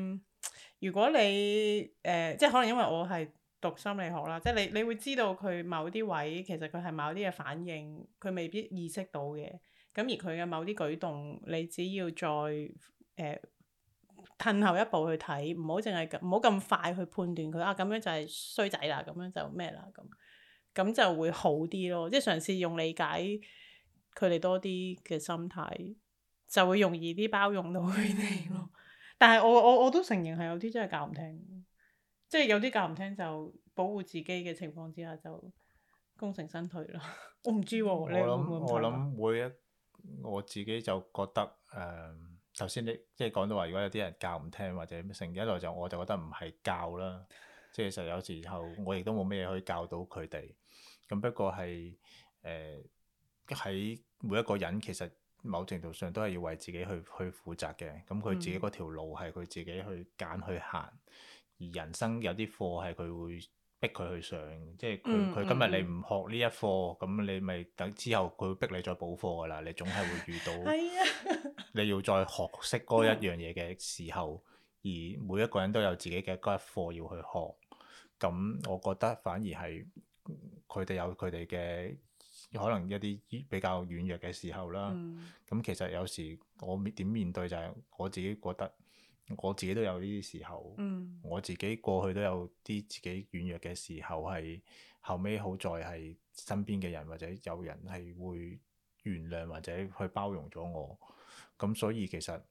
如果你誒、呃，即係可能因為我係讀心理學啦，即係你你會知道佢某啲位其實佢係某啲嘅反應，佢未必意識到嘅。咁而佢嘅某啲舉動，你只要再誒褪、呃、後一步去睇，唔好淨係唔好咁快去判斷佢啊，咁樣就係衰仔啦，咁樣就咩啦咁。咁就會好啲咯，即係嘗試用理解佢哋多啲嘅心態，就會容易啲包容到佢哋咯。但係我我我都承認係有啲真係教唔聽，即係有啲教唔聽就保護自己嘅情況之下就功成身退咯。 我唔知喎，我諗想我諗會一，我自己就覺得誒頭先你即係講到話，如果有啲人教唔聽或者成一代就是、我就覺得唔係教啦，即係其實有時候我亦都冇咩嘢可以教到佢哋。咁不過係誒喺每一個人，其實某程度上都係要為自己去去負責嘅。咁佢自己嗰條路係佢自己去揀去行，嗯、而人生有啲課係佢會逼佢去上，即係佢佢今日你唔學呢一課，咁、嗯、你咪等之後佢會逼你再補課㗎啦。你總係會遇到你要再學識嗰一樣嘢嘅時候，而每一個人都有自己嘅嗰一課要去學。咁我覺得反而係。佢哋有佢哋嘅可能一啲比較軟弱嘅時候啦，咁、嗯、其實有時我面點面對就係我自己覺得我自己都有呢啲時候，嗯、我自己過去都有啲自己軟弱嘅時候，係後尾好在係身邊嘅人或者有人係會原諒或者去包容咗我，咁、嗯、所以其實。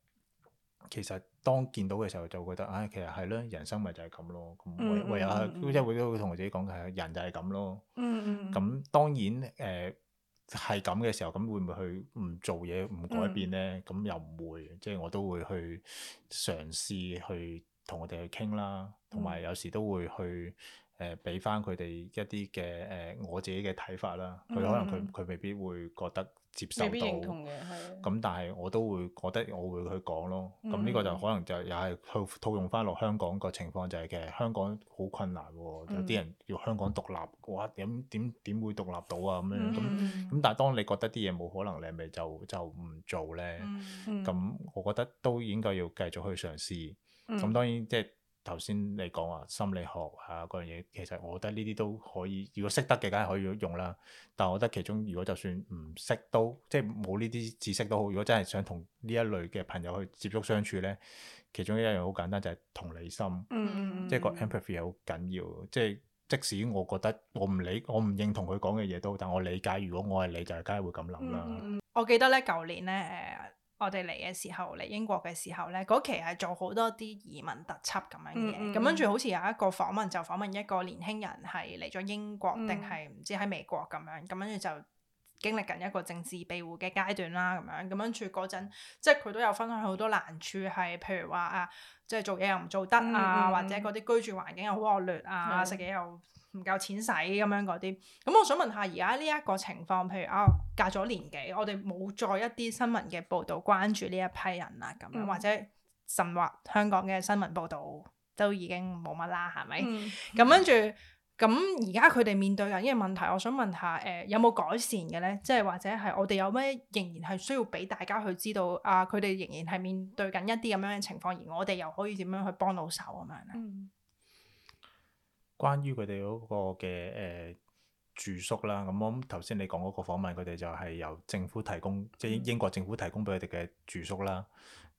其實當見到嘅時候就覺得，唉、啊，其實係咯，人生咪就係咁咯。咁唯有即係會都會同我自己講係，人就係咁咯。咁、嗯嗯、當然誒係咁嘅時候，咁會唔會去唔做嘢唔改變咧？咁又唔會，即、就、係、是、我都會去嘗試去同我哋去傾啦，同埋有，有時都會去誒俾翻佢哋一啲嘅誒我自己嘅睇法啦。佢可能佢佢未必會覺得。接受到，咁但係我都會覺得我會去講咯。咁呢、嗯、個就可能就又係套套用翻落香港個情況就係嘅。香港好困難喎，嗯、有啲人要香港獨立，哇點點點會獨立到啊，咁樣咁咁、嗯。但係當你覺得啲嘢冇可能咧，你咪就就唔做咧。咁、嗯嗯、我覺得都應該要繼續去嘗試。咁、嗯嗯、當然即係。頭先你講話心理學啊嗰樣嘢，其實我覺得呢啲都可以，如果識得嘅梗係可以用啦。但係我覺得其中如果就算唔識都，即係冇呢啲知識都好。如果真係想同呢一類嘅朋友去接觸相處咧，其中一樣好簡單就係、是、同理心，嗯、即係個 empathy 好緊要。即係即使我覺得我唔理我唔認同佢講嘅嘢都，但我理解如果我係你就係梗係會咁諗啦、嗯。我記得咧舊年咧誒。我哋嚟嘅時候，嚟英國嘅時候呢嗰期係做好多啲移民特輯咁樣嘅，咁跟住好似有一個訪問，就訪問一個年輕人係嚟咗英國定係唔知喺美國咁樣，咁跟住就經歷緊一個政治庇護嘅階段啦，咁樣，咁跟住嗰陣，即係佢都有分享好多難處，係譬如話啊，即係做嘢又唔做得，嗯，啊，或者嗰啲居住環境又好惡劣，嗯，啊，食嘢又唔夠錢使咁樣嗰啲，咁我想問下而家呢一個情況，譬如啊、哦，隔咗年幾，我哋冇再一啲新聞嘅報導關注呢一批人啦，咁樣、嗯、或者甚或香港嘅新聞報導都已經冇乜啦，係咪？咁跟住，咁而家佢哋面對緊一啲問題，我想問下，誒、呃、有冇改善嘅呢？即係或者係我哋有咩仍然係需要俾大家去知道，啊佢哋仍然係面對緊一啲咁樣嘅情況，而我哋又可以點樣去幫到手咁樣呢？嗯關於佢哋嗰個嘅誒、呃、住宿啦，咁我諗頭先你講嗰個訪問，佢哋就係由政府提供，即係英國政府提供俾佢哋嘅住宿啦。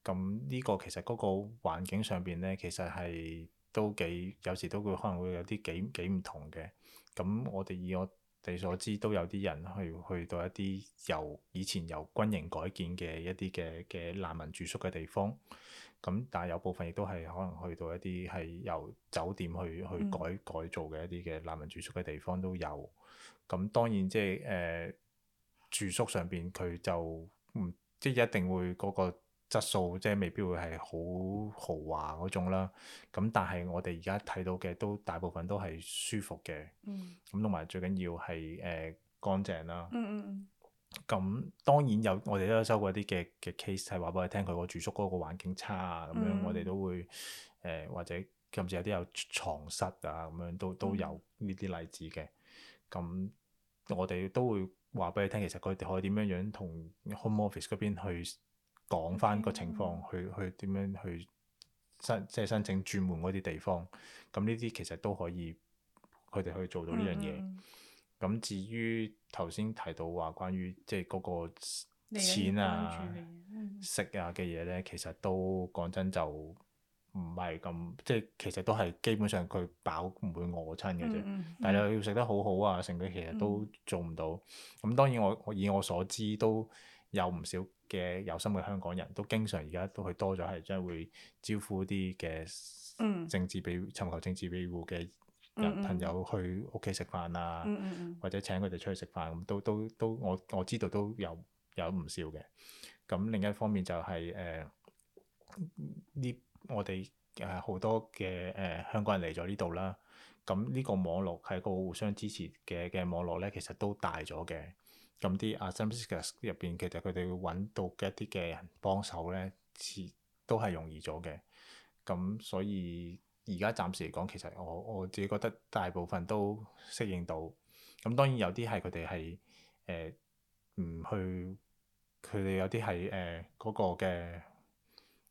咁呢個其實嗰個環境上邊咧，其實係都幾，有時都會可能會有啲幾幾唔同嘅。咁我哋以我哋所知，都有啲人去去到一啲由以前由軍營改建嘅一啲嘅嘅難民住宿嘅地方。咁但係有部分亦都係可能去到一啲係由酒店去、嗯、去改改造嘅一啲嘅難民住宿嘅地方都有，咁、嗯、當然即係誒住宿上邊佢就唔即係一定會嗰個質素即係未必會係好豪華嗰種啦，咁但係我哋而家睇到嘅都大部分都係舒服嘅，咁同埋最緊要係誒、呃、乾淨啦。嗯嗯。咁、嗯、當然有，我哋都有收過一啲嘅嘅 case 係話俾你聽，佢個住宿嗰個環境差啊，咁樣、嗯、我哋都會誒、呃，或者甚至有啲有牀室啊，咁樣都都有呢啲例子嘅。咁我哋都會話俾你聽，其實佢哋可以點樣樣同 home office 嗰邊去講返個情況，嗯嗯、去去點樣去申即係申請轉換嗰啲地方。咁呢啲其實都可以佢哋可以做到呢樣嘢。嗯嗯咁至於頭先提到話關於即係嗰個錢啊、食啊嘅嘢咧，其實都講、嗯、真就唔係咁，即係其實都係基本上佢飽唔會餓親嘅啫。嗯嗯、但係你要食得好好啊，甚至其實都做唔到。咁、嗯、當然我以我所知都有唔少嘅有心嘅香港人都經常而家都去多咗，係將會招呼啲嘅政治庇尋、嗯、求政治庇護嘅。朋友去屋企食飯啊，或者請佢哋出去食飯咁，都都都我我知道都有有唔少嘅。咁另一方面就係誒呢，我哋誒好多嘅誒、呃、香港人嚟咗呢度啦。咁呢個網絡係一個互相支持嘅嘅網絡咧，其實都大咗嘅。咁啲 asylum seekers 入邊，其實佢哋要揾到嘅一啲嘅人幫手咧，似都係容易咗嘅。咁所以。而家暫時嚟講，其實我我自己覺得大部分都適應到。咁當然有啲係佢哋係誒唔去，佢哋有啲係誒嗰個嘅，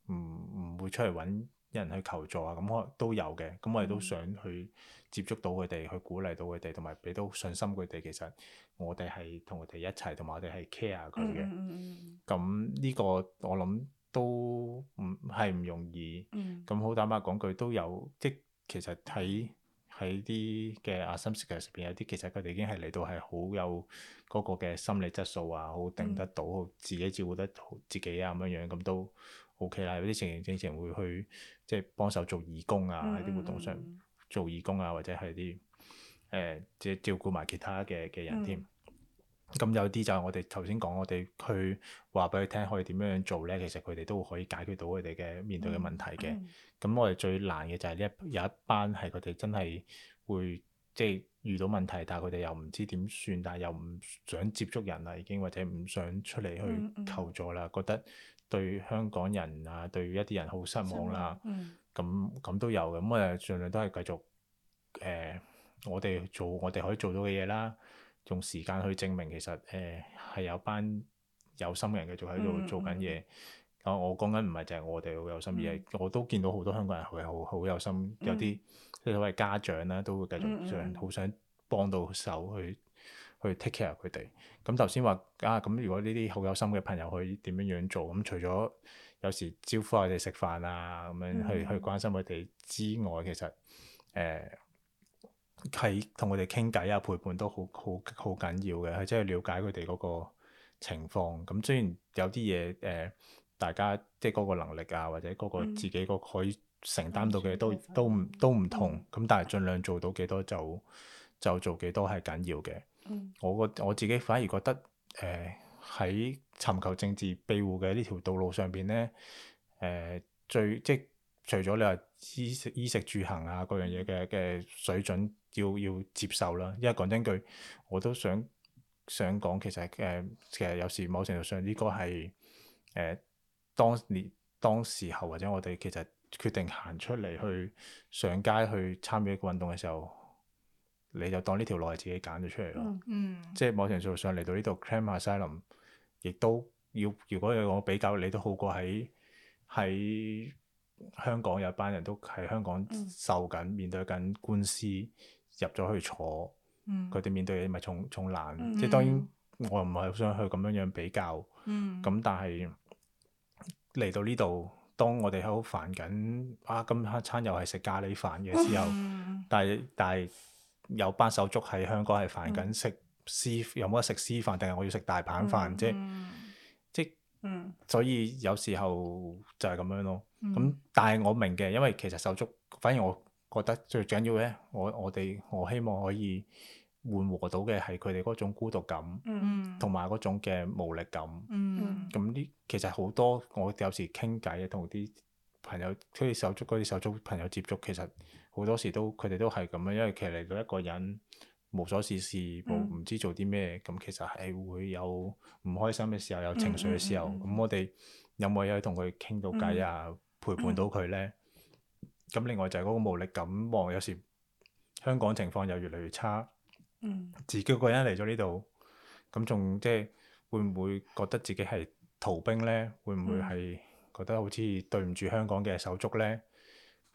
唔唔會出嚟揾人去求助啊。咁我都有嘅。咁我哋都想去接觸到佢哋，去鼓勵到佢哋，同埋俾到信心佢哋。其實我哋係同佢哋一齊，同埋我哋係 care 佢嘅。咁呢、嗯、個我諗。都唔係唔容易，咁好坦白講句都有，即其實睇喺啲嘅阿心石嘅上邊有啲，其實佢哋已經係嚟到係好有嗰個嘅心理質素啊，好定得到、嗯、自己照顧得自己啊咁樣樣，咁都 O、OK、K 啦。有啲情形正常會去即係幫手做義工啊，喺啲、嗯、活動上做義工啊，或者係啲誒即係照顧埋其他嘅嘅人添、嗯。嗯。咁有啲就係我哋頭先講，我哋去話俾佢聽可以點樣做咧，其實佢哋都可以解決到佢哋嘅面對嘅問題嘅。咁、嗯嗯、我哋最難嘅就係呢一有一班係佢哋真係會即係、就是、遇到問題，但係佢哋又唔知點算，但係又唔想接觸人啦，已經或者唔想出嚟去求助啦，嗯嗯、覺得對香港人啊，對於一啲人好失望啦。咁咁、嗯嗯、都有嘅，咁我哋盡量都係繼續誒、呃，我哋做我哋可以做到嘅嘢啦。用時間去證明其實誒係、呃、有班有心嘅人繼續喺度做緊嘢。嗯嗯、啊，我講緊唔係淨係我哋好有心，嗯、而係我都見到好多香港人係好好有心，有啲即係所謂家長啦、啊、都會繼續想好想幫到手去去 take care 佢哋。咁頭先話啊，咁如果呢啲好有心嘅朋友去點樣樣做？咁除咗有時招呼我哋食飯啊，咁樣去、嗯、去關心佢哋之外，其實誒。呃係同佢哋傾偈啊，陪伴都好好好緊要嘅，係真係了解佢哋嗰個情況。咁雖然有啲嘢誒，大家即係嗰個能力啊，或者嗰個自己個可以承擔到嘅都、嗯、都唔都唔同。咁、嗯、但係儘量做到幾多就就做幾多係緊要嘅。嗯、我覺我自己反而覺得誒喺尋求政治庇護嘅呢條道路上邊咧誒最即係除咗你話衣食衣食住行啊各樣嘢嘅嘅水準。要要接受啦，因為講真句，我都想想講，其實誒、呃、其實有時某程度上呢個係誒、呃、當年當時候或者我哋其實決定行出嚟去上街去參與一個運動嘅時候，你就當呢條路係自己揀咗出嚟咯、嗯。嗯，即係某程度上嚟到呢度 claim asylum，亦都要。如果有個比較，你都好過喺喺香港有班人都喺香港受緊、嗯、面對緊官司。入咗去坐，佢哋面對嘅咪重重難。嗯、即係當然，我又唔係好想去咁樣樣比較。咁、嗯、但係嚟到呢度，當我哋喺度煩緊，啊咁一餐又係食咖喱飯嘅時候，嗯、但係但係有班手足喺香港係煩緊，食私、嗯、有冇得食私飯，定係我要食大棒飯啫？嗯、即、嗯、即所以有時候就係咁樣咯。咁、嗯嗯、但係我明嘅，因為其實手足反而我。覺得最緊要咧，我我哋我希望可以緩和到嘅係佢哋嗰種孤獨感，同埋嗰種嘅無力感。咁呢、嗯、其實好多我有時傾偈啊同啲朋友，嗰啲手足，嗰啲手足朋友接觸，其實好多時都佢哋都係咁樣，因為其實嚟到一個人無所事事，無唔知做啲咩，咁、嗯、其實係會有唔開心嘅時候，有情緒嘅時候，咁、嗯嗯嗯、我哋有冇嘢同佢傾到偈啊，嗯、陪伴到佢咧？咁另外就係嗰個無力感，望有時香港情況又越嚟越差，嗯、自己個人嚟咗呢度，咁仲即係會唔會覺得自己係逃兵咧？會唔會係覺得好似對唔住香港嘅手足咧？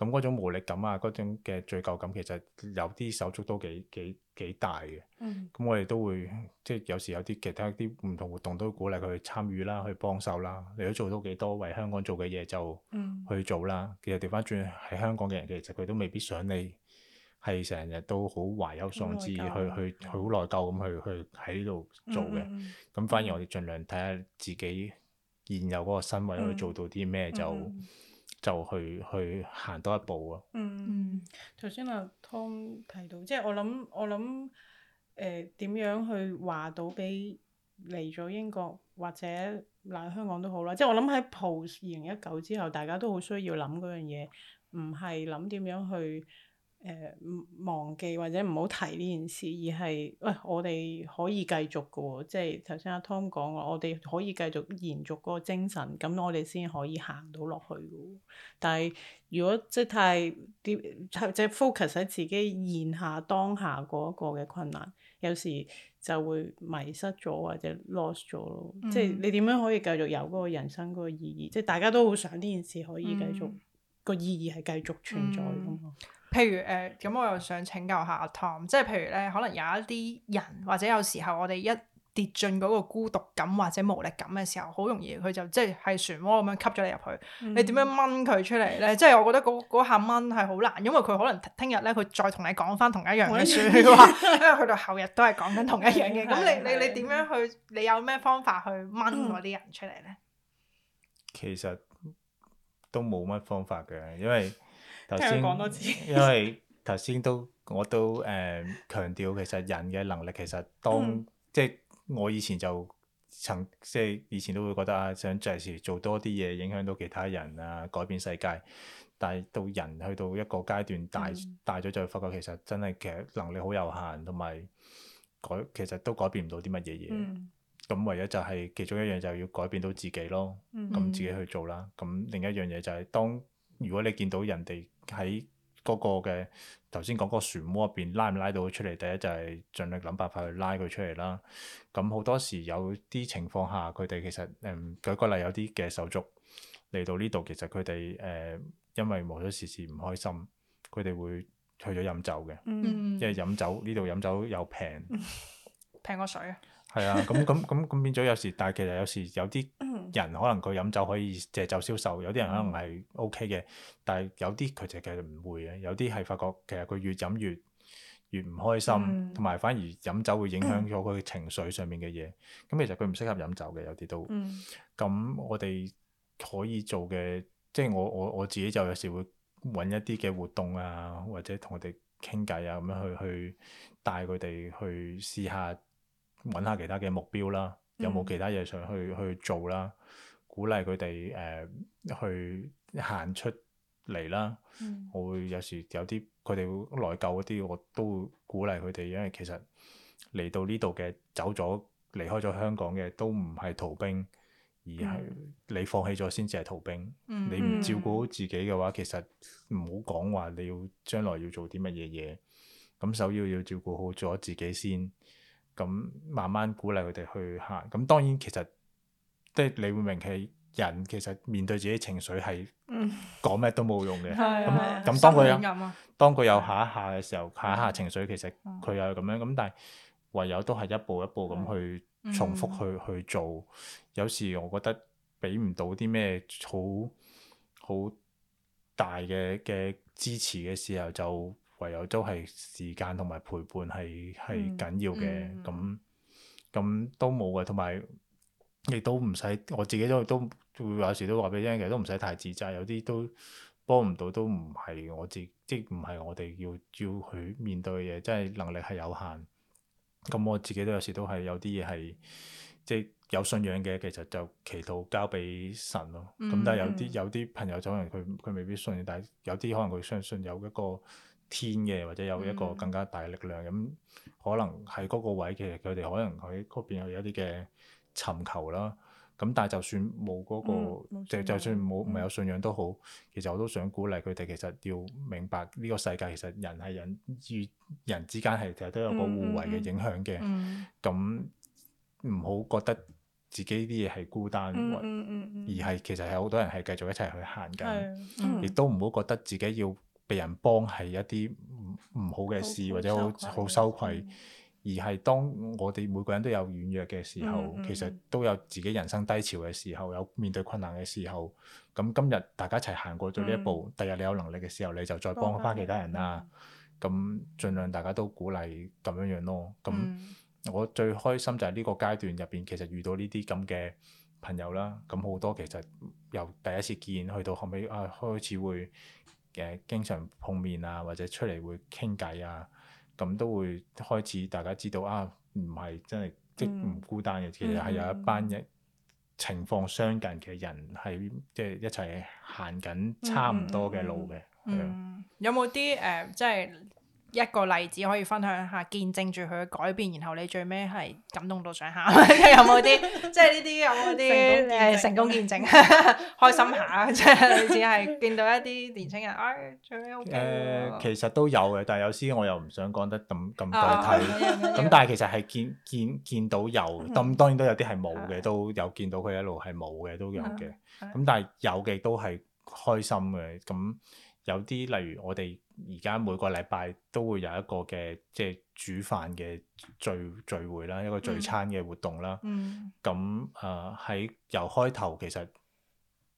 咁嗰種無力感啊，嗰種嘅罪疚感，其實有啲手足都幾幾幾大嘅。咁我哋都會即係有時有啲其他啲唔同活動都鼓勵佢去參與啦，去幫手啦。你都做到幾多為香港做嘅嘢就去做啦。其實調翻轉喺香港嘅人，其實佢都未必想你係成日都好懷憂喪志去去好內疚咁去去喺呢度做嘅。咁反而我哋盡量睇下自己現有嗰個身位去做到啲咩就。就去去行多一步咯啊。嗯嗯，頭先阿 Tom 提到，即係我諗我諗誒點樣去話到俾嚟咗英國或者嚟香港都好啦。即係我諗喺 post 二零一九之後，大家都好需要諗嗰樣嘢，唔係諗點樣去，誒、呃、忘記或者唔好提呢件事，而係喂、哎、我哋可以繼續嘅喎，即係頭先阿 Tom 講話，我哋可以繼續延續嗰個精神，咁我哋先可以行到落去嘅。但係如果即係太啲，即係 focus 喺自己現下當下嗰個嘅困難，有時就會迷失咗或者 lost 咗咯。嗯、即係你點樣可以繼續有嗰個人生嗰個意義？即係大家都好想呢件事可以繼續、嗯、個意義係繼續存在嘅嘛。嗯嗯。譬如誒咁，呃、我又想請教下 Tom，即係譬如咧，可能有一啲人或者有時候我哋一跌進嗰個孤獨感或者無力感嘅時候，好容易佢就即係漩渦咁樣吸咗你入去。嗯、你點樣掹佢出嚟咧？即係我覺得嗰下掹係好難，因為佢可能聽日咧佢再同你講翻同一樣嘅話， 因為去到後日都係講緊同一樣嘅。咁 你 你你點樣去？你有咩方法去掹嗰啲人出嚟咧？嗯、其實都冇乜方法嘅，因為。頭先，因為頭先都我都誒強調，uh, 其實人嘅能力其實當、嗯、即係我以前就曾即係以前都會覺得啊，想藉時做多啲嘢，影響到其他人啊，改變世界。但係到人去到一個階段大、嗯、大咗，大就發覺其實真係其實能力好有限，同埋改其實都改變唔到啲乜嘢嘢。咁、嗯、唯一就係其中一樣就要改變到自己咯，咁、嗯、自己去做啦。咁另一樣嘢就係當。如果你見到人哋喺嗰個嘅頭先講個漩渦入邊拉唔拉到佢出嚟，第一就係盡力諗辦法去拉佢出嚟啦。咁好多時有啲情況下，佢哋其實誒、呃、舉個例，有啲嘅手足嚟到呢度，其實佢哋誒因為無所事事唔開心，佢哋會去咗飲酒嘅，嗯、因為飲酒呢度飲酒又平，平、嗯、過水啊！係 啊，咁咁咁咁變咗有時，但係其實有時有啲人可能佢飲酒可以借酒消愁，有啲人可能係 O K 嘅，但係有啲佢就其實唔會嘅，有啲係發覺其實佢越飲越越唔開心，同埋反而飲酒會影響咗佢情緒上面嘅嘢。咁其實佢唔適合飲酒嘅，有啲都。咁、嗯、我哋可以做嘅，即係我我我自己就有時會揾一啲嘅活動啊，或者同佢哋傾偈啊，咁樣去去帶佢哋去試下。揾下其他嘅目標啦，有冇其他嘢想去、嗯、去做啦？鼓勵佢哋誒去行出嚟啦。嗯、我會有時有啲佢哋會內疚嗰啲，我都會鼓勵佢哋，因為其實嚟到呢度嘅走咗離開咗香港嘅都唔係逃兵，而係你放棄咗先至係逃兵。嗯、你唔照顧好自己嘅話，其實唔好講話你要將來要做啲乜嘢嘢。咁首要要照顧好咗自己先。咁慢慢鼓勵佢哋去行，咁當然其實即係你會明係人其實面對自己情緒係講咩都冇用嘅。咁咁當佢有的當佢有下一下嘅時候，的下一下情緒其實佢又係咁樣，咁的但係唯有都係一步一步咁去重複去的、嗯、去做。有時我覺得俾唔到啲咩好好大嘅嘅支持嘅時候就。唯有都係時間同埋陪伴係係緊要嘅，咁咁都冇嘅，同埋亦都唔使我自己都都會有時都話俾你聽嘅，其實都唔使太自責。有啲都幫唔到，都唔係我自即唔係我哋要要去面對嘅嘢，即係能力係有限。咁我自己都有時都係有啲嘢係即係有，有，有，有信仰嘅，其實就祈禱交俾神咯。咁、嗯、但係有啲、嗯、有啲朋友可能佢佢未必信，但係有啲可能佢相信有一個。天嘅或者有一個更加大嘅力量咁，嗯、可能喺嗰個位其實佢哋可能喺嗰邊有一啲嘅尋求啦。咁但係就算冇嗰、嗰個，嗯、就就算冇唔係有信仰都好，其實我都想鼓勵佢哋其實要明白呢個世界其實人係人與人之間係其實都有個互為嘅影響嘅。咁唔好覺得自己啲嘢係孤單，嗯嗯嗯嗯、而係其實係好多人係繼續一齊去行緊，亦、嗯嗯嗯、都唔好覺得自己要。被人幫係一啲唔好嘅事，或者好好羞愧。而係當我哋每個人都有軟弱嘅時候，嗯、其實都有自己人生低潮嘅時候，有面對困難嘅時候。咁今日大家一齊行過咗呢一步，第、嗯、日你有能力嘅時候，你就再幫翻其他人啦。咁儘、嗯、量大家都鼓勵咁樣樣咯。咁、嗯嗯、我最開心就係呢個階段入邊，其實遇到呢啲咁嘅朋友啦。咁好多其實由第一次見去到後尾啊，開始會嘅經常碰面啊，或者出嚟會傾偈啊，咁都會開始大家知道啊，唔係真係即唔孤單嘅，嗯、其實係有一班嘅情況相近嘅人係即係一齊行緊差唔多嘅路嘅、嗯。嗯，的嗯有冇啲誒即係？一個例子可以分享下，見證住佢嘅改變，然後你最尾係感動到想喊，有冇啲？即係呢啲有冇啲成功見成功見證，開心下，即係你只係見到一啲年青人，哎，最尾好。誒，其實都有嘅，但係有時我又唔想講得咁咁具體。咁但係其實係見見見到有，咁當然都有啲係冇嘅，都有見到佢一路係冇嘅都有嘅。咁但係有嘅都係開心嘅。咁有啲例如我哋。而家每個禮拜都會有一個嘅即係煮飯嘅聚聚會啦，一個聚餐嘅活動啦。咁誒喺由開頭其實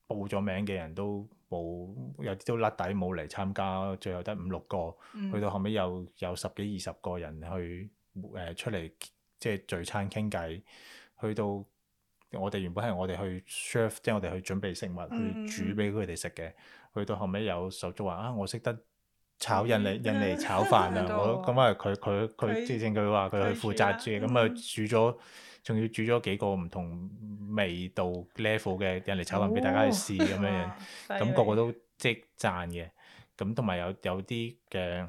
報咗名嘅人都冇，有啲都甩底冇嚟參加，最後得五六個。嗯、去到後尾又有，有十幾二十個人去誒、呃、出嚟即係聚餐傾偈。去到我哋原本係我哋去 chef 即係我哋去準備食物去煮俾佢哋食嘅。嗯嗯、去到後尾有手足話啊，我識得炒印尼印尼炒飯啊！我咁啊，佢佢佢即係正佢話佢去負責煮，咁啊煮咗，仲要煮咗幾個唔同味道 level 嘅印尼炒飯俾大家去試咁、哦、樣樣，咁、啊、個個都即讚嘅。咁同埋有有啲嘅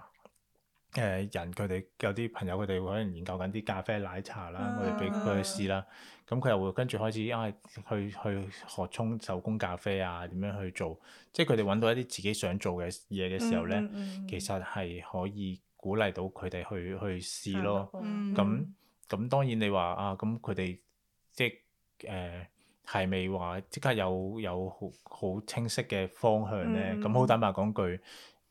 誒人，佢哋有啲朋友，佢哋可能研究緊啲咖啡奶茶啦，我哋俾佢去試啦。咁佢又會跟住開始啊，去去學沖手工咖啡啊，點樣去做？即係佢哋揾到一啲自己想做嘅嘢嘅時候咧，嗯嗯嗯其實係可以鼓勵到佢哋去去試咯。咁咁、嗯嗯、當然你話啊，咁佢哋即係誒係咪話即刻有有好好清晰嘅方向咧？咁、嗯嗯嗯、好坦白講句。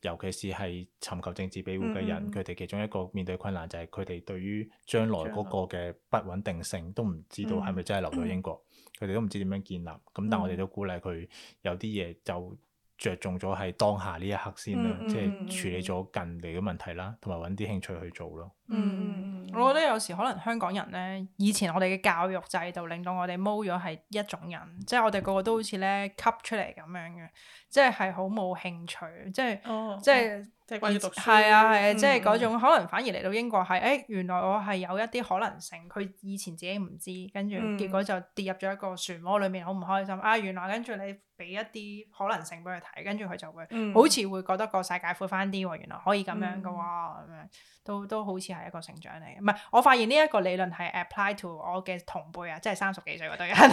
尤其是係尋求政治庇護嘅人，佢哋、嗯、其中一個面對困難就係佢哋對於將來嗰個嘅不穩定性都唔知道係咪真係留到英國，佢哋、嗯嗯、都唔知點樣建立。咁、嗯、但我哋都鼓勵佢有啲嘢就着重咗喺當下呢一刻先啦，即係、嗯、處理咗近嚟嘅問題啦，同埋搵啲興趣去做咯。嗯，嗯嗯，我覺得有時可能香港人呢，以前我哋嘅教育制度令到我哋踎咗係一種人，即係我哋個個都好似呢吸出嚟咁樣嘅，即係係好冇興趣，即係、哦、即係即係關於讀書，係啊係啊，即係嗰種、嗯、可能反而嚟到英國係，誒、欸、原來我係有一啲可能性，佢以前自己唔知，跟住結果就跌入咗一個漩渦裏面，好唔開心啊！原來跟住你俾一啲可能性俾佢睇，跟住佢就會、嗯、好似會覺得個世界闊翻啲喎，原來可以咁樣㗎喎，咁樣、嗯、都都，都，都好似。係一個成長嚟，唔係我發現呢一個理論係 apply to 我嘅同輩啊，即係三十幾歲嗰對人啊，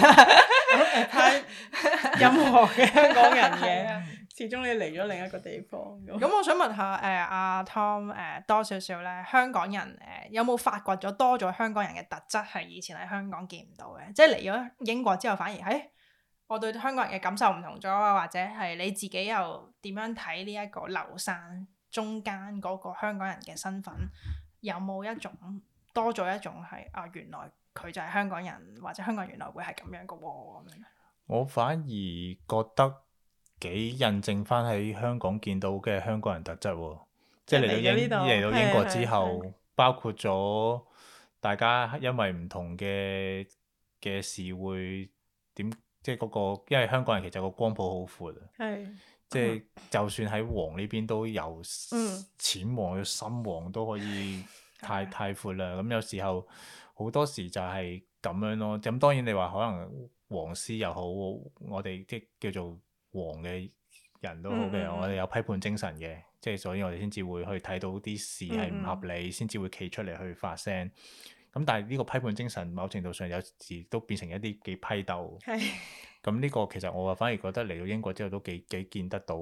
任何嘅香港人嘅， 始終你嚟咗另一個地方，咁 我想問下，誒、呃、阿、啊、Tom，誒、呃、多少少咧，香港人誒、呃、有冇發掘咗多咗香港人嘅特質係以前喺香港見唔到嘅？即係嚟咗英國之後，反而誒、哎、我對香港人嘅感受唔同咗啊，或者係你自己又點樣睇呢一個流散中間嗰個香港人嘅身份？有冇一種多咗一種係啊？原來佢就係香港人，或者香港原來會係咁樣嘅喎、哦、我反而覺得幾印證返喺香港見到嘅香港人特質喎、哦，即係嚟到英嚟到英國之後，包括咗大家因為唔同嘅嘅事會點，即係嗰、嗰個，因為香港人其實個光譜好闊啊。即係就算喺黃呢邊都由淺黃去深、嗯、黃都可以太 太闊啦。咁有時候好多時就係咁樣咯。咁當然你話可能黃絲又好，我哋即叫做黃嘅人都好嘅，嗯、我哋有批判精神嘅，嗯、即係所以我哋先至會去睇到啲事係唔合理，先至、嗯、會企出嚟去發聲。咁但係呢個批判精神某程度上有時都變成一啲幾批鬥。咁呢個其實我啊，反而覺得嚟到英國之後，都幾幾見得到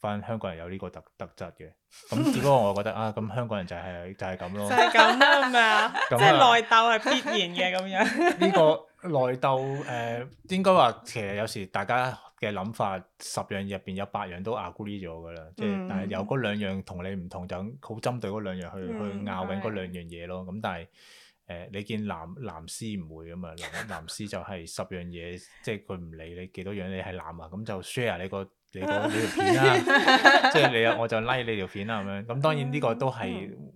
翻香港人有呢個特特質嘅，咁只不過我覺得 啊，咁香港人就係、係、就係、係、咁咯，就係咁咯，係啊、 就係，即係內鬥係必然嘅咁樣。呢 個內鬥誒、呃，應該話其實有時大家嘅諗法十樣入邊有八樣都 agree 咗噶啦，即係、嗯就係、但係有嗰兩樣同你唔同，就好針對嗰兩樣去、嗯、去拗緊嗰兩樣嘢咯。咁對但係。誒，你見藍、藍絲唔會咁嘛？藍、藍絲就係十樣嘢，即係佢唔理你幾多樣，你係藍啊，咁就 share 你個你個你條片啦、啊。 即係你啊，我就拉、like、你條片啦、啊、咁樣。咁當然呢個都係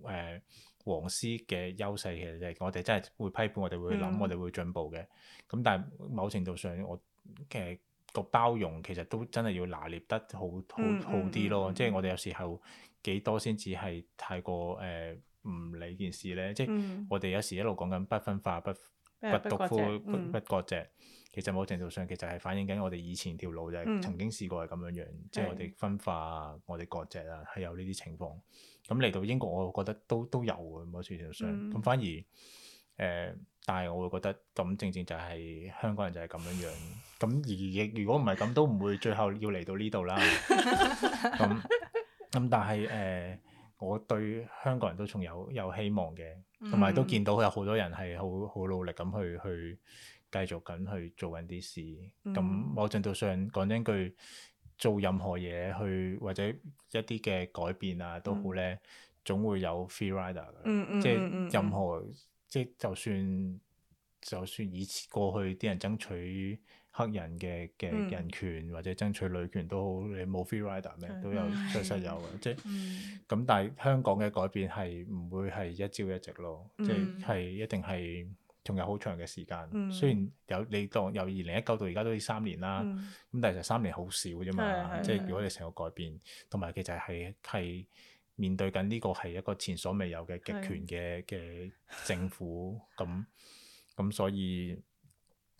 誒黃絲嘅優勢嘅，其實就係我哋真係會批判，我哋會諗，嗯、我哋會進步嘅。咁但係某程度上，我嘅個包容其實都真係要拿捏得好好好啲咯。嗯嗯，即係我哋有時候幾多先至係太過誒。呃唔理件事咧，即係我哋有時一路講緊不分化、不、嗯、不篤灰、嗯、不不割蓆，其實某程度上其實係反映緊我哋以前條路就係曾經試過係咁樣樣，嗯、即係我哋分化、嗯、我哋割蓆呀，係有呢啲情況。咁嚟、嗯嗯、到英國，我覺得都都有嘅某程度上。咁、嗯、反而誒、呃，但係我會覺得咁正，正正就係香港人就係咁樣樣。咁而亦如果唔係咁，都唔會最後要嚟到呢度啦。咁咁， 但係誒。嗯我對香港人都仲有有希望嘅，同埋都見到有好多人係好好努力咁去去繼續緊去做緊啲事。咁某程度上講真句，做任何嘢去或者一啲嘅改變啊都好咧，總會有 free rider。嗯、mm hmm. 即係任何即係就算就算以前過去啲人爭取。黑人嘅嘅人權或者爭取女權都好，你冇 free rider 咩？都有，確實有嘅。即係咁，嗯、但係香港嘅改變係唔會係一朝一夕咯，即係係一定係仲有好長嘅時間。嗯、雖然有你當由二零一九到而家都三年啦，咁但係就三年好少啫嘛。即係如果你成個改變，同埋其實係係面對緊呢個係一個前所未有嘅極權嘅嘅政府咁咁，所以。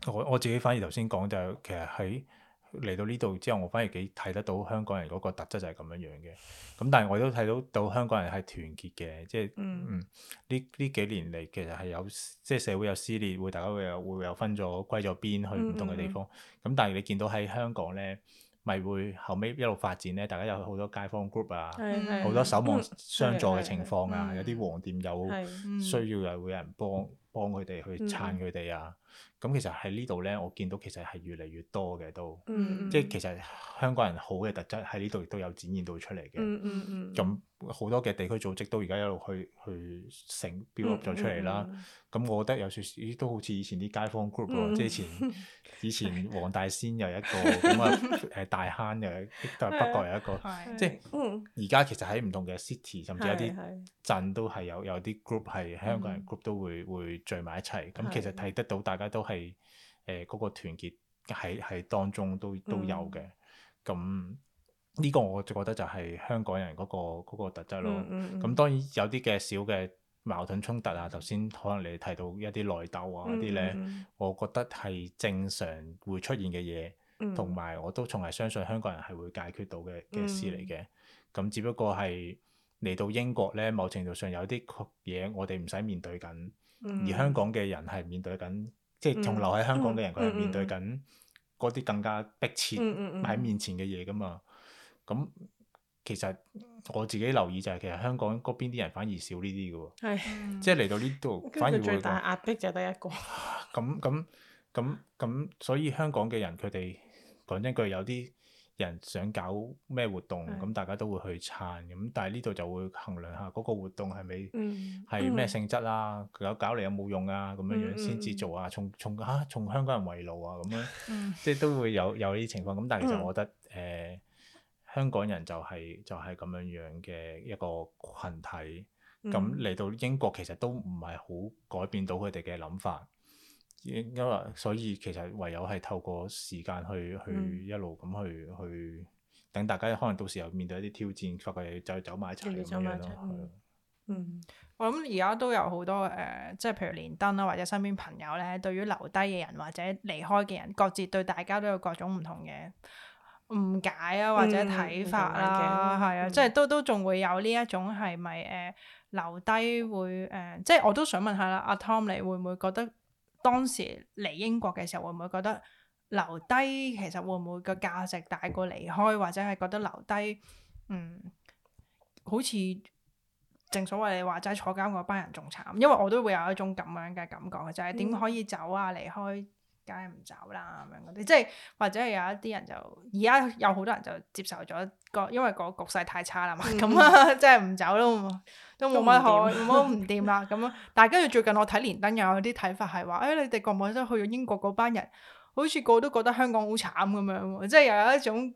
我我自己反而頭先講就係其實喺嚟到呢度之後，我反而幾睇得到香港人嗰個特質就係咁樣樣嘅。咁但係我都睇到到香港人係團結嘅，即係嗯呢呢幾年嚟其實係有即係社會有撕裂，會大家會有會有分咗歸咗邊去唔同嘅地方。咁、嗯、但係你見到喺香港咧，咪會後尾一路發展咧，大家有好多街坊 group 啊，好、嗯、多守望相助嘅情況啊，嗯嗯、有啲黃店有需要又會有人幫。嗯幫佢哋去撐佢哋啊！咁、嗯、其實喺呢度咧，我見到其實係越嚟越多嘅都，即係其實香港人好嘅特質喺呢度亦都有展現到出嚟嘅。咁好、嗯嗯嗯、多嘅地區組織都而家一路去去成 build up 咗出嚟啦。咁、嗯嗯嗯、我覺得有少少都好似以前啲街坊 group 喎、嗯，即係前以前黃大仙又一個咁啊，誒大坑又一個，北角有一個，即係而家其實喺唔同嘅 city 甚至有啲鎮都係有有啲 group 係香港人 group 都會會。聚埋一齊咁，其實睇得到大家都係誒嗰個團結喺喺當中都都有嘅。咁呢、嗯、個我就覺得就係香港人嗰、嗰個嗰個特質咯。咁、嗯嗯、當然有啲嘅小嘅矛盾衝突啊，頭先可能你提到一啲內鬥啊啲咧、嗯嗯，我覺得係正常會出現嘅嘢，同埋、嗯、我都從嚟相信香港人係會解決到嘅嘅事嚟嘅。咁、嗯嗯、只不過係嚟到英國咧，某程度上有啲嘢我哋唔使面對緊。嗯、而香港嘅人係面對緊，嗯、即係仲留喺香港嘅人，佢係、嗯、面對緊嗰啲更加迫切喺面前嘅嘢噶嘛。咁、嗯嗯嗯、其實我自己留意就係、是，其實香港嗰邊啲人反而少呢啲嘅喎，唉即係嚟到呢度、嗯、反而會。最大壓迫就得一個。咁咁咁咁，所以香港嘅人佢哋講真句有啲人想搞咩活動，咁大家都會去撐，咁但係呢度就會衡量下嗰個活動係咪係咩性質啦、啊，搞搞嚟有冇用啊，咁樣樣先至做啊，從從嚇從香港人為奴啊，咁樣即係、嗯、都會有有呢啲情況。咁但係其實我覺得誒、嗯呃、香港人就係、是、就係、是、咁樣樣嘅一個群體，咁嚟、嗯、到英國其實都唔係好改變到佢哋嘅諗法。因為所以其實唯有係透過時間去去一路咁去去等大家可能到時候面對一啲挑戰，發覺就走埋一齊咁樣咯。嗯，我諗而家都有好多誒，即係譬如連登啦，或者身邊朋友咧，對於留低嘅人或者離開嘅人，各自對大家都有各種唔同嘅誤解啊，或者睇法啦，係啊，即係都都仲會有呢一種係咪誒留低會誒，即係我都想問下啦，阿 Tom 你會唔會覺得？當時嚟英國嘅時候，會唔會覺得留低其實會唔會個價值大過離開，或者係覺得留低嗯，好似正所謂你話齋坐監嗰班人仲慘，因為我都會有一種咁樣嘅感覺，就係、是、點可以走啊，離開？嗯梗係唔走啦，咁樣嗰啲，即係或者係有一啲人就而家有好多人就接受咗個，因為個局勢太差啦嘛，咁啊，即係唔走都都冇乜好，冇乜唔掂啦，咁啊。但係跟住最近我睇連登又有啲睇法係話，誒、哎、你哋國外都去咗英國嗰班人，好似個個都覺得香港好慘咁樣喎、啊，即係又有一種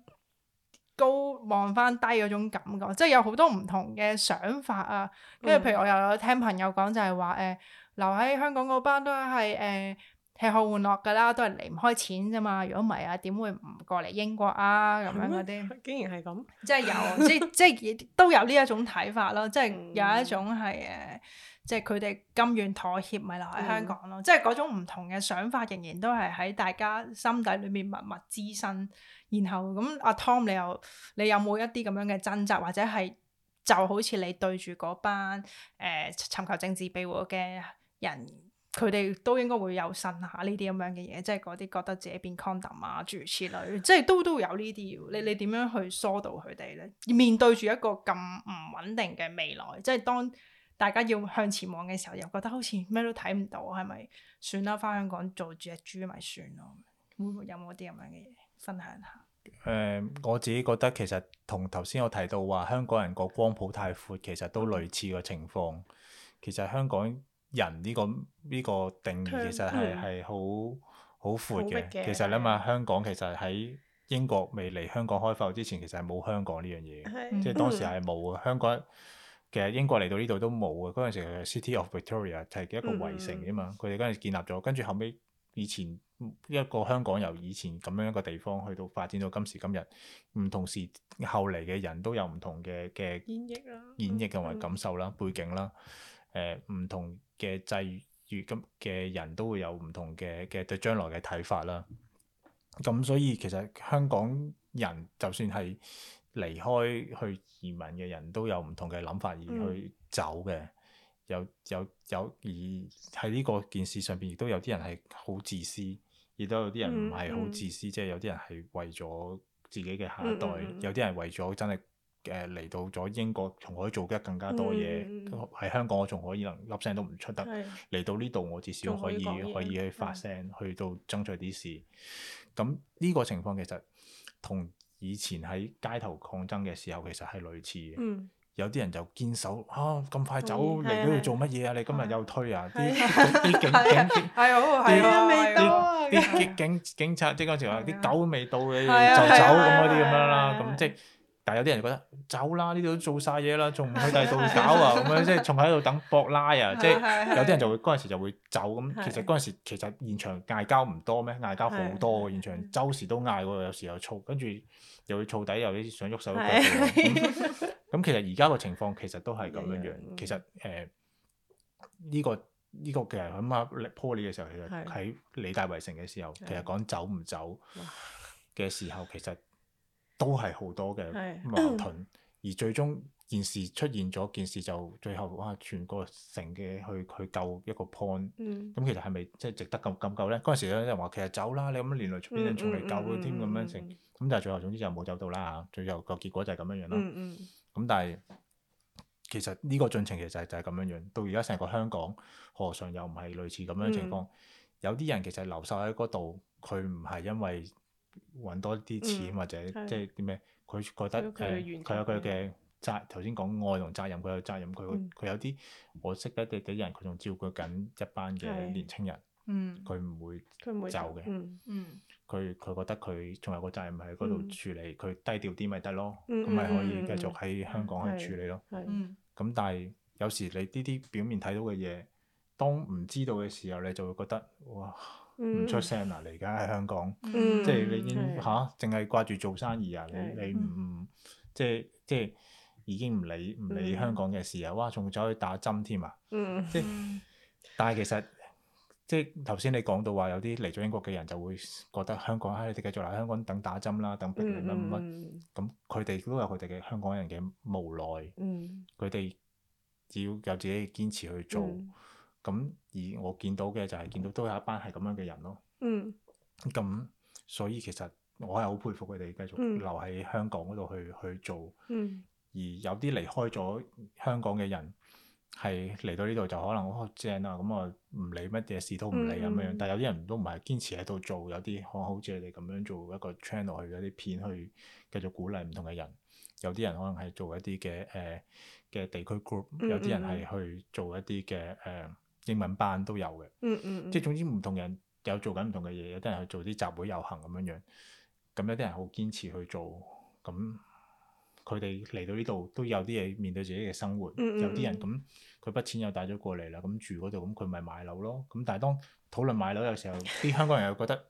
高望翻低嗰種感覺，即係有好多唔同嘅想法啊。跟住譬如我又有聽朋友講就係話，誒、嗯、留喺香港嗰班都係誒。呃吃喝玩樂噶啦，都係離唔開錢啫嘛。如果唔係啊，點會唔過嚟英國啊？咁樣嗰啲，竟然係咁 ，即係有，即即都有呢一種睇法咯。即係有一種係誒，嗯、即係佢哋甘願妥協，咪留喺香港咯。嗯、即係嗰種唔同嘅想法，仍然都係喺大家心底裏面默默滋生。然後咁，阿、啊、Tom 你又你有冇一啲咁樣嘅掙扎，或者係就好似你對住嗰班誒尋求政治庇護嘅人？佢哋都應該會有呻下呢啲咁樣嘅嘢，即係嗰啲覺得自己變 condom 啊、諸如此類，即係都都有呢啲。你你點樣去疏導佢哋咧？面對住一個咁唔穩定嘅未來，即係當大家要向前望嘅時候，又覺得好似咩都睇唔到，係咪算啦？翻香港做住隻豬咪算咯？會唔會有冇啲咁樣嘅嘢分享下？誒、呃，我自己覺得其實同頭先我提到話香港人個光譜太闊，其實都類似個情況。其實香港人呢、這個呢、這個定義其實係係好好闊嘅，其實咧嘛，對香港其實喺英國未嚟香港開埠之前，其實係冇香港呢樣嘢，即係當時係冇嘅。嗯、香港其實英國嚟到呢度都冇嘅，嗰陣時係 City of Victoria 係一個圍城嘅嘛，佢哋嗰陣建立咗，跟住後尾以前一個香港由以前咁樣一個地方去到發展到今時今日，唔同時後嚟嘅人都有唔同嘅嘅演繹、嗯、演繹同埋感受啦、背景啦，誒、呃、唔同。嘅際遇咁嘅人都會有唔同嘅嘅對將來嘅睇法啦。咁所以其實香港人就算係離開去移民嘅人都有唔同嘅諗法而去走嘅，嗯。有有有而喺呢個件事上邊亦都有啲人係好自私，亦都有啲人唔係好自私，即係、嗯、有啲人係為咗自己嘅下一代，嗯嗯有啲人為咗真係。誒嚟到咗英國，仲可以做得更加多嘢。喺香港我仲可以，粒聲都唔出得。嚟到呢度我至少可以可以去發聲，去到爭取啲事。咁呢個情況其實同以前喺街頭抗爭嘅時候其實係類似嘅。有啲人就堅守，啊咁快走嚟呢度做乜嘢啊？你今日又推啊？啲啲警警啲係啊，啲警警察即係嗰陣時話啲狗未到，你就走咁嗰啲咁樣啦。咁即但係有啲人覺得走啦，呢度都做晒嘢啦，仲唔去第度搞啊？咁 樣即係仲喺度等博拉啊！ 即係有啲人就會嗰陣 時就會走。咁其實嗰陣時其實現場嗌交唔多咩？嗌交好多嘅 現場，周時都嗌喎，有時又嘈，跟住又會燥底，又啲想喐手咁、 嗯、其實而家個情況其實都係咁樣樣。 其實誒呢、呃呢個呢、呢個其實咁啊，破裂嘅時候其實喺理大圍城嘅時候，其實講走唔走嘅時候 其實說說候。 都係好多嘅矛盾， 而最終件事出現咗，件事就最後哇，全個城嘅去去救一個 point、嗯。咁、嗯嗯、其實係咪即係值得咁咁救呢？嗰陣時有人話其實走啦，你咁樣連累邊人仲嚟救添咁樣成。咁但係最後總之就冇走到啦嚇，最後個結果就係咁樣樣咯。咁、嗯嗯嗯、但係其實呢個進程其實就係咁樣樣。到而家成個香港何嘗又唔係類似咁樣情況？嗯嗯、有啲人其實留守喺嗰度，佢唔係因為。搵多啲錢或者即係啲咩，佢覺得誒，佢有佢嘅責。頭先講愛同責任，佢有責任，佢佢有啲我識得嘅啲人，佢仲照顧緊一班嘅年青人，佢唔會走嘅。嗯，佢佢覺得佢仲有個責任喺嗰度處理，佢低調啲咪得咯，咁咪可以繼續喺香港去處理咯。咁但係有時你呢啲表面睇到嘅嘢，當唔知道嘅時候，你就會覺得哇～唔出聲啦，嚟緊喺香港，嗯、即係你已經吓，淨係掛住做生意啊、嗯！你你唔、嗯、即係即係已經唔理唔理香港嘅事啊！嗯、哇，仲走去打針添啊！嗯、即係，但係其實即係頭先你講到話，有啲嚟咗英國嘅人就會覺得香港，唉，你哋繼續嚟香港等打針啦、啊，等乜乜乜乜咁，佢哋、嗯、都有佢哋嘅香港人嘅無奈，佢哋要有自己堅持去做。嗯咁而我見到嘅就係見到都有一班係咁樣嘅人咯。嗯，咁所以其實我係好佩服佢哋繼續留喺香港嗰度去、嗯、去做。嗯，而有啲離開咗香港嘅人係嚟到呢度就可能好正啊！咁啊唔理乜嘢事都唔理咁、嗯、樣。但係有啲人都唔係堅持喺度做，有啲可好似你哋咁樣做一個 channel 去有啲片去繼續鼓勵唔同嘅人。有啲人可能係做一啲嘅誒嘅地區 group，有啲人係去做一啲嘅誒。呃英文班都有嘅、嗯，嗯嗯，即係總之唔同人有做緊唔同嘅嘢，有啲人去做啲集會遊行咁樣樣，咁有啲人好堅持去做，咁佢哋嚟到呢度都有啲嘢面對自己嘅生活，嗯嗯、有啲人咁佢筆錢又帶咗過嚟啦，咁住嗰度咁佢咪買樓咯，咁但係當討論買樓有時候啲 香港人又覺得，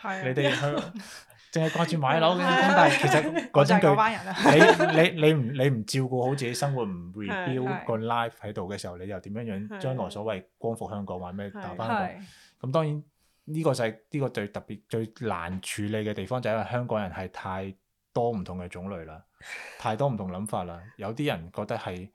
係 你哋香。 淨係掛住買樓咁， 但係其實講真句， 啊、 你你你唔你唔照顧好自己生活，唔 rebuild 個 life 喺度嘅時候，你又點樣樣？將來所謂光復香港，話咩打翻佢？咁 當然呢個世呢、呢個最特別、最難處理嘅地方，就係因為香港人係太多唔同嘅種類啦，太多唔同諗法啦。有啲人覺得係。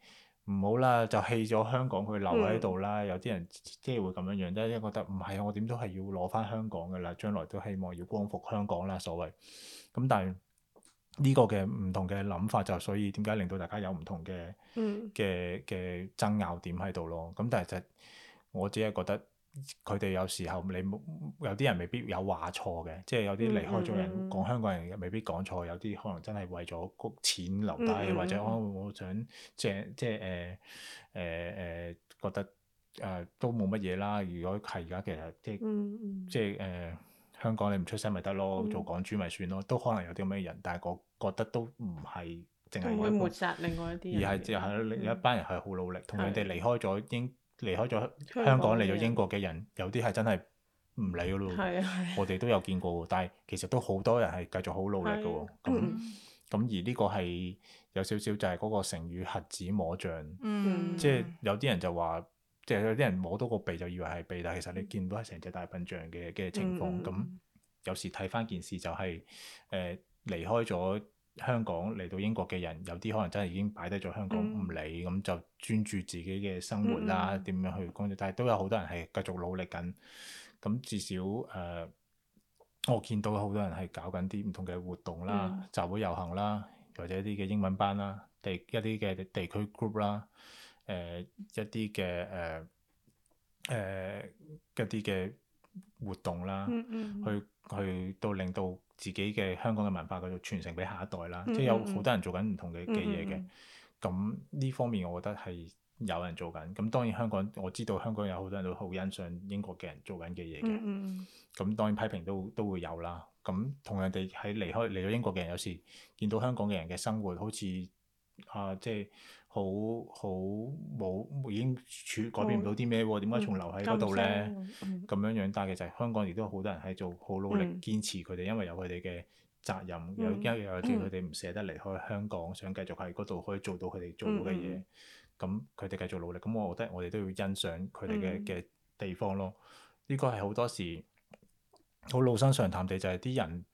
唔好啦，就棄咗香港，佢留喺度啦。嗯、有啲人即係會咁樣樣，即係覺得唔係啊，我點都係要攞翻香港嘅啦，將來都希望要光復香港啦，所謂。咁、嗯嗯、但係呢個嘅唔同嘅諗法，就所以點解令到大家有唔同嘅嘅嘅爭拗點喺度咯。咁但係就我只係覺得。佢哋有時候你冇，有啲人未必有話錯嘅，即係有啲離開咗人講、嗯嗯、香港人未必講錯，有啲可能真係為咗個錢留低，嗯嗯、或者我想即係即係誒誒誒覺得誒、呃、都冇乜嘢啦。如果係而家其實即係、嗯嗯、即係誒、呃、香港你唔出聲咪得咯，嗯、做港豬咪算咯，都可能有啲咁嘅人，但係我覺得都唔係淨係會抹殺另外一啲，一人而係就係、是、另一班人係好努力，嗯、同佢哋離開咗英。離開咗香港嚟咗英國嘅人，有啲係真係唔理咯。係呀。我哋都有見過，但係其實都好多人係繼續好努力嘅。咁咁而呢個係有少少就係嗰個成語瞎子摸象，嗯、即係有啲人就話，即係有啲人摸到個鼻就以為係鼻，但係其實你見到係成隻大笨象嘅嘅情況。咁、嗯、有時睇返件事就係、是、誒、呃、離開咗。香港嚟到英國嘅人，有啲可能真係已經擺低咗香港唔、嗯、理，咁就專注自己嘅生活啦，點、嗯嗯、樣去工作？但係都有好多人係繼續努力緊。咁至少誒、呃，我見到好多人係搞緊啲唔同嘅活動啦、嗯、集會遊行啦，或者一啲嘅英文班啦、地一啲嘅地區 group 啦、呃、誒一啲嘅誒誒一啲嘅活動啦、嗯嗯，去去到令到。自己嘅香港嘅文化繼續傳承俾下一代啦，mm hmm. 即係有好多人做緊唔同嘅嘅嘢嘅，咁呢、mm hmm. 方面我覺得係有人做緊。咁當然香港我知道香港有好多人都好欣賞英國嘅人做緊嘅嘢嘅，咁、mm hmm. 當然批評都都會有啦，咁同樣哋喺離開嚟到英國嘅人有時見到香港嘅人嘅生活好似啊、呃、即係。好好冇已經處改變唔到啲咩喎？點解仲留喺嗰度咧？咁樣、嗯、樣，但係其實香港亦都有好多人喺做，好努力堅持佢哋，嗯、因為有佢哋嘅責任，有、嗯、因為又或者佢哋唔捨得離開香港，嗯、想繼續喺嗰度可以做到佢哋做嘅嘢。咁佢哋繼續努力，咁我覺得我哋都要欣賞佢哋嘅嘅地方咯。呢、這個係好多時好老生常談地，就係啲人。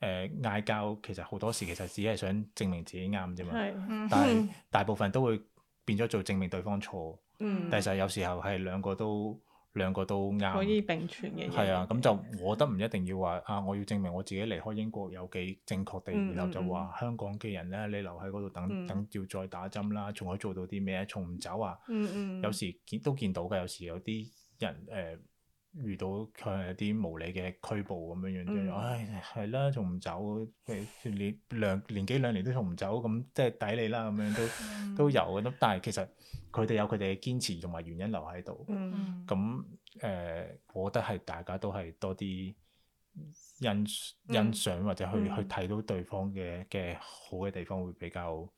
誒，嗌交其實好多時其實只係想證明自己啱啫嘛，嗯、但係大部分都會變咗做證明對方錯。嗯，但係有時候係兩個都兩個都啱可以並存嘅。係啊，咁就我覺得唔一定要話啊，我要證明我自己離開英國有幾正確地，嗯、然後就話香港嘅人咧，你留喺嗰度等等要再打針啦，仲可以做到啲咩，從唔走啊。嗯嗯，嗯有時見都見到㗎，有時有啲人誒。呃呃遇到佢一啲無理嘅拘捕咁樣樣，唉、嗯，係啦、哎，仲唔走？佢年兩年幾兩年都仲唔走，咁即係抵你啦，咁樣都、嗯、都有咁。但係其實佢哋有佢哋嘅堅持同埋原因留喺度。咁誒、嗯呃，我覺得係大家都係多啲欣、嗯、欣賞或者去去睇到對方嘅嘅好嘅地方，會比較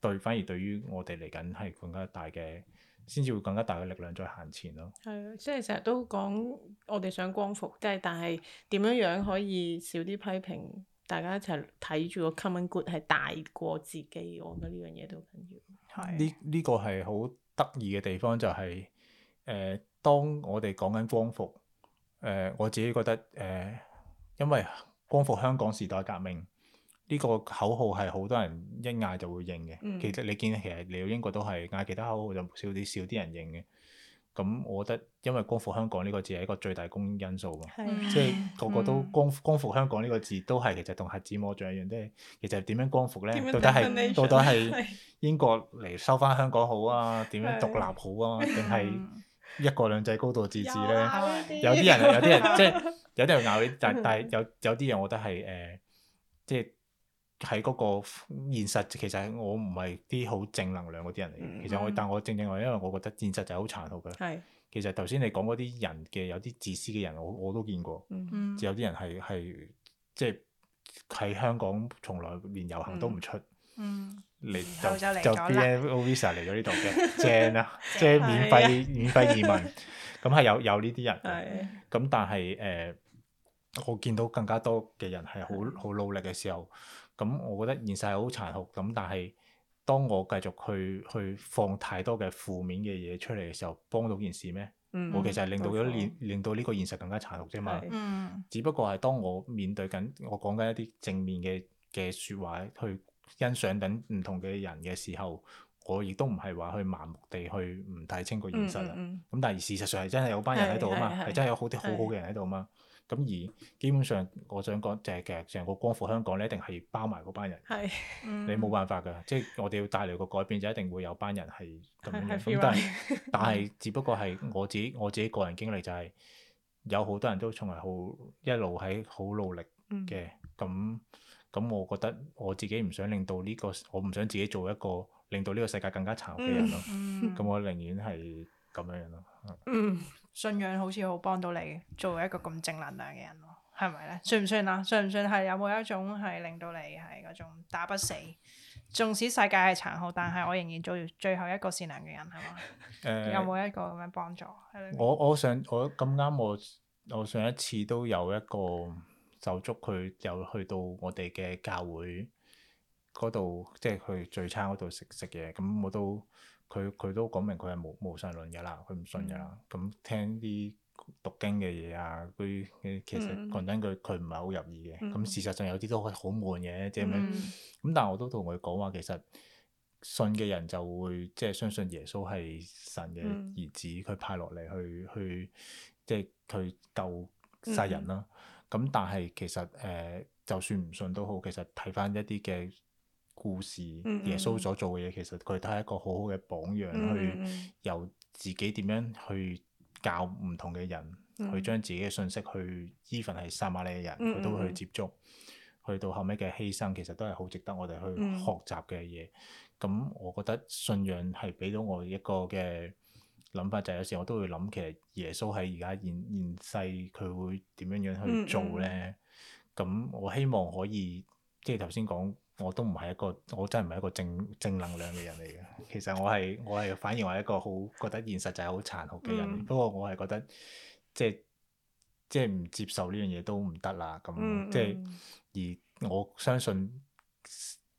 對，嗯、反而對於我哋嚟緊係更加大嘅，先至會更加大嘅力量再行前咯。係啊，即係成日都講我哋想光復，即係但係點樣樣可以少啲批評，大家一齊睇住個 common good 係大過自己，我覺得呢樣嘢都緊要。係呢，呢個係好得意嘅地方，就係、是、誒、呃，當我哋講緊光復，誒、呃、我自己覺得誒、呃，因為光復香港時代革命。呢個口號係好多人一嗌就會應嘅，其實你見其實嚟到英國都係嗌其他口號就少啲少啲人應嘅。咁我覺得因為光復香港呢個字係一個最大公因素，即係個個都光光復香港呢個字都係其實同核子魔杖一樣，即係其實點樣光復咧？到底係到底係英國嚟收翻香港好啊？點樣獨立好啊？定係一國兩制高度自治咧？有啲人有啲人即係有啲人咬你，但但係有有啲人我覺得係誒即係。喺嗰個現實，其實我唔係啲好正能量嗰啲人嚟。其實我，但我正正話，因為我覺得現實就係好殘酷嘅。係。其實頭先你講嗰啲人嘅有啲自私嘅人，我我都見過。有啲人係係即係喺香港從來連遊行都唔出。嚟就就 BNO Visa 嚟咗呢度嘅，正啦。即係免費免費移民，咁係有有呢啲人。係。咁但係誒，我見到更加多嘅人係好好努力嘅時候。咁我覺得現實係好殘酷，咁但係當我繼續去去放太多嘅負面嘅嘢出嚟嘅時候，幫到件事咩？嗯，我其實係令到咗令令到呢個現實更加殘酷啫嘛。嗯，只不過係當我面對緊，我講緊一啲正面嘅嘅説話去欣賞等唔同嘅人嘅時候，我亦都唔係話去盲目地去唔睇清個現實啦。嗯嗯，咁但係事實上係真係有班人喺度啊嘛，係真係有好啲好好嘅人喺度啊嘛。咁而基本上，我想講就係其實成個光復香港咧，一定係包埋嗰班人。係，嗯、 你冇辦法㗎，即係我哋要帶嚟個改變就一定會有班人係咁樣樣。 但係， 但係只不過係我自己我自己個人經歷就係、係、有好多人都從來好一路喺好努力嘅。咁咁、嗯，我覺得我自己唔想令到呢、呢個，我唔想自己做一個令到呢個世界更加殘酷嘅人咯。咁、嗯嗯、我寧願係咁樣樣咯。嗯。嗯。信仰好似好幫到你，做一個咁正能量嘅人咯，係咪咧？算唔算啊？算唔算係有冇一種係令到你係嗰種打不死？縱使世界係殘酷，但係我仍然做最後一個善良嘅人，係嘛？ 呃、有冇一個咁樣幫助？我我上我咁啱我我上一次都有一個手足，佢有去到我哋嘅教會嗰度，即係去聚餐嗰度食食嘢，咁我都。佢佢都講明佢係無無神論嘅啦，佢唔信嘅啦。咁、嗯嗯嗯、聽啲讀經嘅嘢啊，佢其實講真，佢佢唔係好入耳嘅。咁、嗯、事實上有啲都係好悶嘅，即係咩？咁但係我都同佢講話，其實信嘅人就會即係、即係、相信耶穌係神嘅兒子，佢、嗯、派落嚟去去即係佢救曬人啦。咁、嗯嗯、但係其實誒、呃，就算唔信都好，其實睇翻一啲嘅故事，耶穌所做嘅嘢，其實佢都係一個好好嘅榜樣。嗯嗯嗯，去由自己點樣去教唔同嘅人，嗯嗯，去將自己嘅信息，去 even 係撒瑪利亞人佢都會去接觸，嗯嗯嗯，去到後尾嘅犧牲，其實都係好值得我哋去學習嘅嘢。咁、嗯嗯、我覺得信仰係俾到我一個嘅諗法，就係、是、有時我都會諗，其實耶穌喺而家現在現世，佢會點樣樣去做咧？咁我希望可以即係頭先講。我都唔係一個，我真係唔係一個正正能量嘅人嚟嘅。其實我係我係反而係一個好覺得現實就係好殘酷嘅人。不過、嗯、我係覺得即係即係唔接受呢樣嘢都唔得啦。咁、嗯嗯、即係而我相信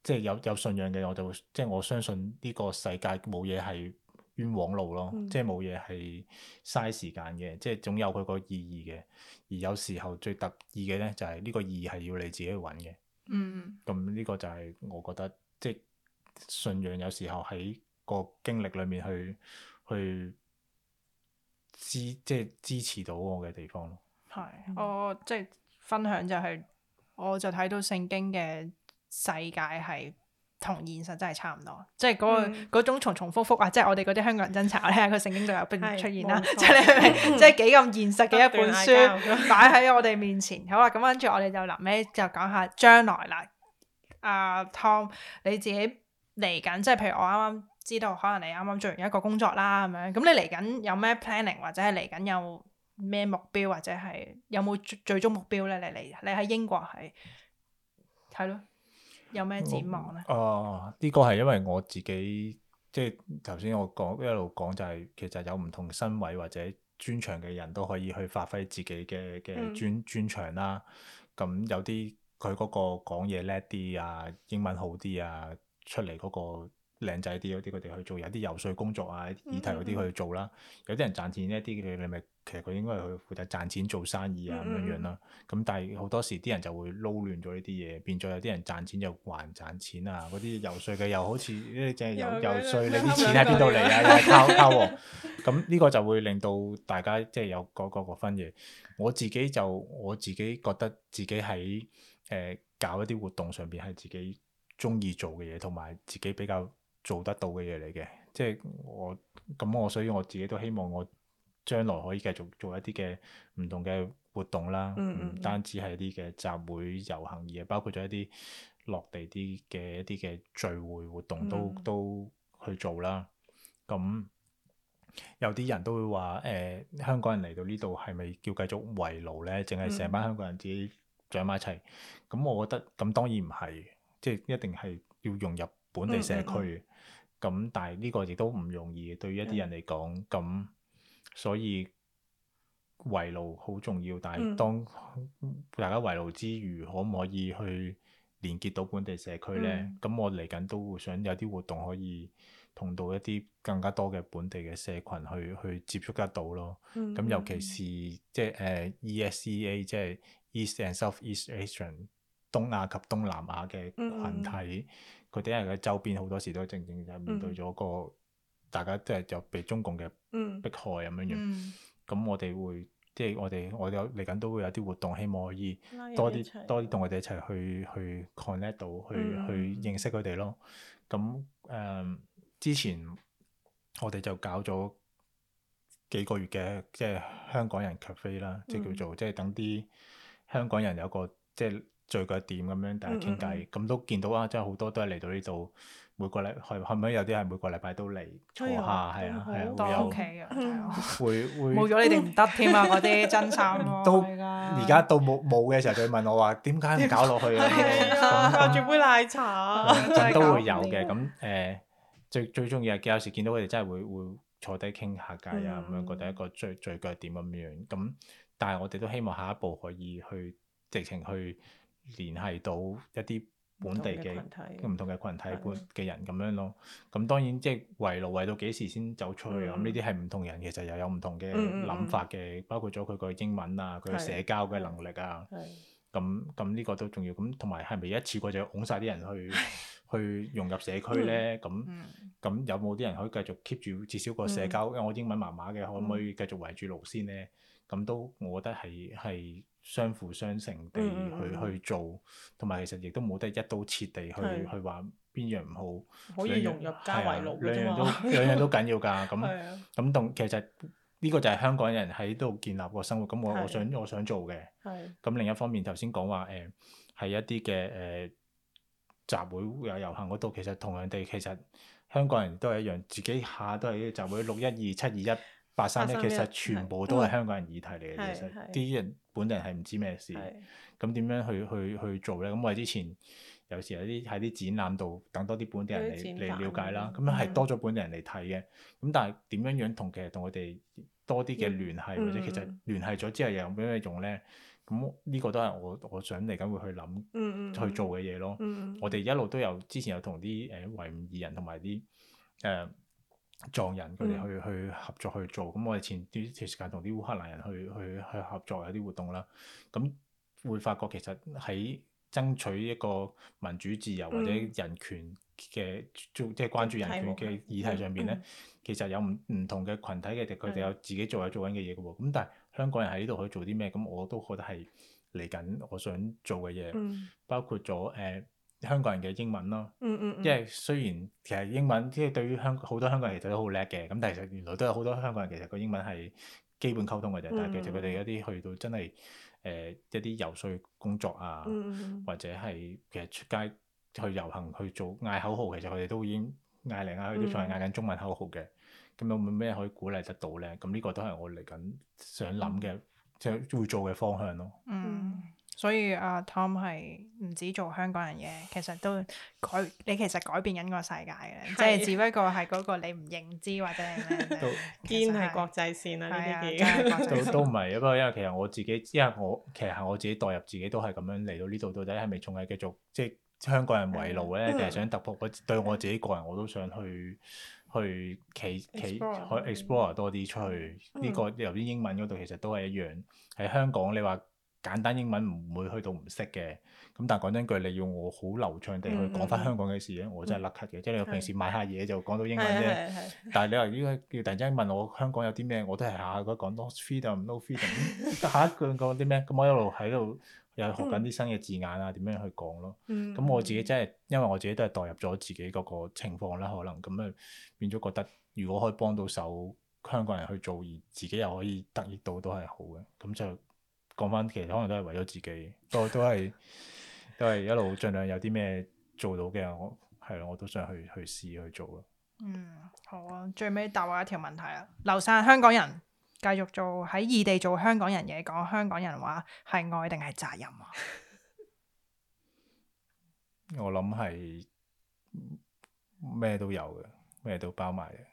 即係有有信仰嘅我就會即係我相信呢個世界冇嘢係冤枉路咯，嗯、即係冇嘢係嘥時間嘅，即係總有佢個意義嘅。而有時候最得意嘅咧就係呢個意義係要你自己去揾嘅。嗯，咁呢個就係我覺得，即係信仰有時候喺個經歷裏面去去支即係支持到我嘅地方咯。係，我即係分享就係，我就睇到聖經嘅世界係。同現實真係差唔多，即係嗰、那個、嗯、種重重複複啊！即係我哋嗰啲香港人爭吵咧，佢聖經都有出現啦。嗯、即係 即係幾咁現實嘅 一本書擺喺 我哋面前。好啦，咁跟住我哋就臨尾就講下將來啦。阿、啊、Tom，你自己嚟緊，即係譬如我啱啱知道，可能你啱啱做完一個工作啦咁樣。咁你嚟緊有咩 planning 或者係嚟緊有咩目標或者係有冇最終目標咧？你嚟，你喺英國係係咯。有咩展望咧？哦，呢、呃這個係因為我自己，即係頭先我講一路講就係、是，其實有唔同身位或者專長嘅人都可以去發揮自己嘅嘅專專長啦。咁、嗯嗯嗯、有啲佢嗰個講嘢叻啲啊，英文好啲啊，出嚟嗰個靚仔啲，有啲佢哋去做有啲遊説工作啊，議題嗰啲去做啦。嗯嗯、有啲人賺錢一啲嘅，你咪～其實佢應該係去負責賺錢做生意啊，咁樣樣啦，咁、嗯、但係好多時啲人就會撈亂咗呢啲嘢，變咗有啲人賺錢就還賺錢，錢啊，嗰啲游說嘅又好似即係游游說你啲錢喺邊度嚟啊，又係靠靠喎，咁呢個就會令到大家即係、就是、有各各各分嘢。我自己就我自己覺得自己喺誒、呃、搞一啲活動上邊係自己中意做嘅嘢，同埋自己比較做得到嘅嘢嚟嘅，即、就、係、是、我咁我所以我自己都希望我。將來可以繼續做一啲嘅唔同嘅活動啦，唔、嗯嗯、單止係一啲嘅集會遊行，而包括咗一啲落地啲嘅一啲嘅聚會活動都、嗯、都去做啦。咁有啲人都會話誒、呃，香港人嚟到是是呢度係咪叫繼續圍路圍爐咧？淨係成班香港人自己聚埋一齊咁，嗯、我覺得咁當然唔係，即係一定係要融入本地社區。咁、嗯嗯嗯、但係呢個亦都唔容易，對於一啲人嚟講咁。所以圍爐好重要，但係當大家圍爐之餘，可唔可以去連結到本地社區咧？咁、嗯、我嚟緊都會想有啲活動可以同到一啲更加多嘅本地嘅社群去去接觸得到咯。咁、嗯、尤其是、嗯嗯、即係，誒、uh, ESEA，即係 East and South East Asia 東亞及東南亞嘅群體，佢哋嘅周邊好多時都正正就面對咗個。嗯嗯嗯大家都係就被中共嘅迫害咁、嗯、樣、嗯、樣，咁我哋會即係我哋我哋嚟緊都會有啲活動，希望可以多啲多啲同我哋一齊去去 connect 到，去、嗯、去認識佢哋咯。咁、嗯、誒、嗯、之前我哋就搞咗幾個月嘅即係香港人 cafe 啦，即係叫做、嗯、即係等啲香港人有個即係。聚腳點咁樣，大家傾偈，咁都見到啊！真係好多都係嚟到呢度，每個禮係係咪有啲係每個禮拜都嚟坐下？係啊，係啊，會有。冇咗你哋唔得添啊！嗰啲真衫都而家到冇冇嘅時候，就問我話點解唔搞落去啊？攤住杯奶茶，都會有嘅。咁誒，最最重要係，有時見到佢哋真係會會坐低傾下偈啊，咁樣覺得一個聚聚腳點咁樣。咁但係我哋都希望下一步可以去直情去，聯繫到一啲本地嘅唔同嘅群體嘅人咁樣咯，咁、嗯嗯、當然即係圍爐圍到幾時先走出去啊？咁呢啲係唔同人其實又有唔同嘅諗法嘅，嗯嗯包括咗佢個英文啊，佢社交嘅能力啊，咁咁呢個都重要。咁同埋係咪一次過就拱晒啲人去 去融入社區咧？咁咁、嗯嗯、有冇啲人可以繼續 keep 住至少個社交？因為我英文麻麻嘅，可唔可以繼續圍住爐先咧？咁都我覺得係係。相輔相成地去去做，同埋其實亦都冇得一刀切地去去話邊樣唔好，可以融入家為樂，兩樣都兩樣都緊要㗎。咁咁同其實呢個就係香港人喺度建立個生活。咁我我想我想做嘅。咁另一方面，頭先講話誒，係一啲嘅誒集會有遊行嗰度，其實同樣地，其實香港人都係一樣，自己下都係集會六一二七二一。白山咧，其實全部都係香港人議題嚟嘅，嗯、其實啲人本地人係唔知咩事，咁點樣去是去去，去做咧？咁我哋之前有時有啲喺啲展覽度等多啲本地人嚟嚟了解啦，咁樣係多咗本地人嚟睇嘅。咁、嗯、但係點樣樣同其實同佢哋多啲嘅聯繫，或者、嗯、其實聯繫咗之後又有咩用咧？咁呢個都係我我想嚟緊會去諗、嗯嗯、去做嘅嘢咯。嗯嗯、我哋一路都有之前有同啲誒維吾爾人同埋啲誒。呃藏人，佢哋去去合作去做，咁我哋前段時間同啲烏克蘭人去去去合作有啲活動啦，咁會發覺其實喺爭取一個民主自由或者人權嘅，嗯、即係關注人權嘅議題上邊咧，嗯、其實有唔唔同嘅群體嘅，佢哋、嗯、有自己做有做緊嘅嘢嘅喎，咁的但係香港人喺呢度可以做啲咩？咁我都覺得係嚟緊我想做嘅嘢，嗯、包括咗誒。Uh, 香港人嘅英文咯，嗯嗯嗯，因為雖然其實英文即係、就是、對於香好多香港人其實都好叻嘅，咁但係其實原來都有好多香港人其實個英文係基本溝通嘅啫。嗯嗯，但係其實佢哋一啲去到真係誒、呃、一啲遊說工作啊，嗯嗯，或者係其實出街去遊行去做嗌口號，其實佢哋都已經嗌嚟嗌去都仲係嗌緊中文口號嘅。咁、嗯嗯、有冇咩可以鼓勵得到咧？咁呢個都係我嚟緊想諗嘅，即係、嗯、會做嘅方向咯。嗯。所以阿 Tom 係唔止做香港人嘅，其實都改你其實改變緊個世界嘅，的即係只不過係嗰個你唔認知或者係咩，堅係 國際線啦呢啲嘢。都都唔係，不過因為其實我自己，因為我其實係我自己代入自己，都係咁樣嚟到呢度，到底係咪仲係繼續即係香港人圍爐咧？定係的想突破？我的對我自己個人，我都想去去企企 explore 多啲出去。呢、嗯這個你頭先英文度其實都係一樣。喺香港你話。簡單英文唔會去到唔識嘅，咁但係講真句，你要我好流暢地去、嗯、講翻香港嘅事咧，我真係甩咳嘅。即係你平時買下嘢就講到英文啫，但係你話如果要突然之間問我香港有啲咩，我都係下下講到 no freedom 定 no freedom，咁下一句講啲咩？咁、嗯嗯、 我一路喺度又學緊啲新嘅字眼啊，點樣去講咯？咁、嗯、我自己真係因為我自己都係代入咗自己嗰個情況啦，可能咁啊變咗覺得，如果可以幫到手香港人去做而自己又可以得益到，都係好嘅，咁就。講翻，其實可能都係為咗自己，都 都係都係一路盡量有啲咩做到嘅。我係咯，我都想去去試去做咯。嗯，好啊，最尾答我一條問題啊：留散，香港人繼續做喺異地做香港人嘢，講香港人話係愛定係責任啊？ 我諗係咩都有嘅，咩都包埋嘅。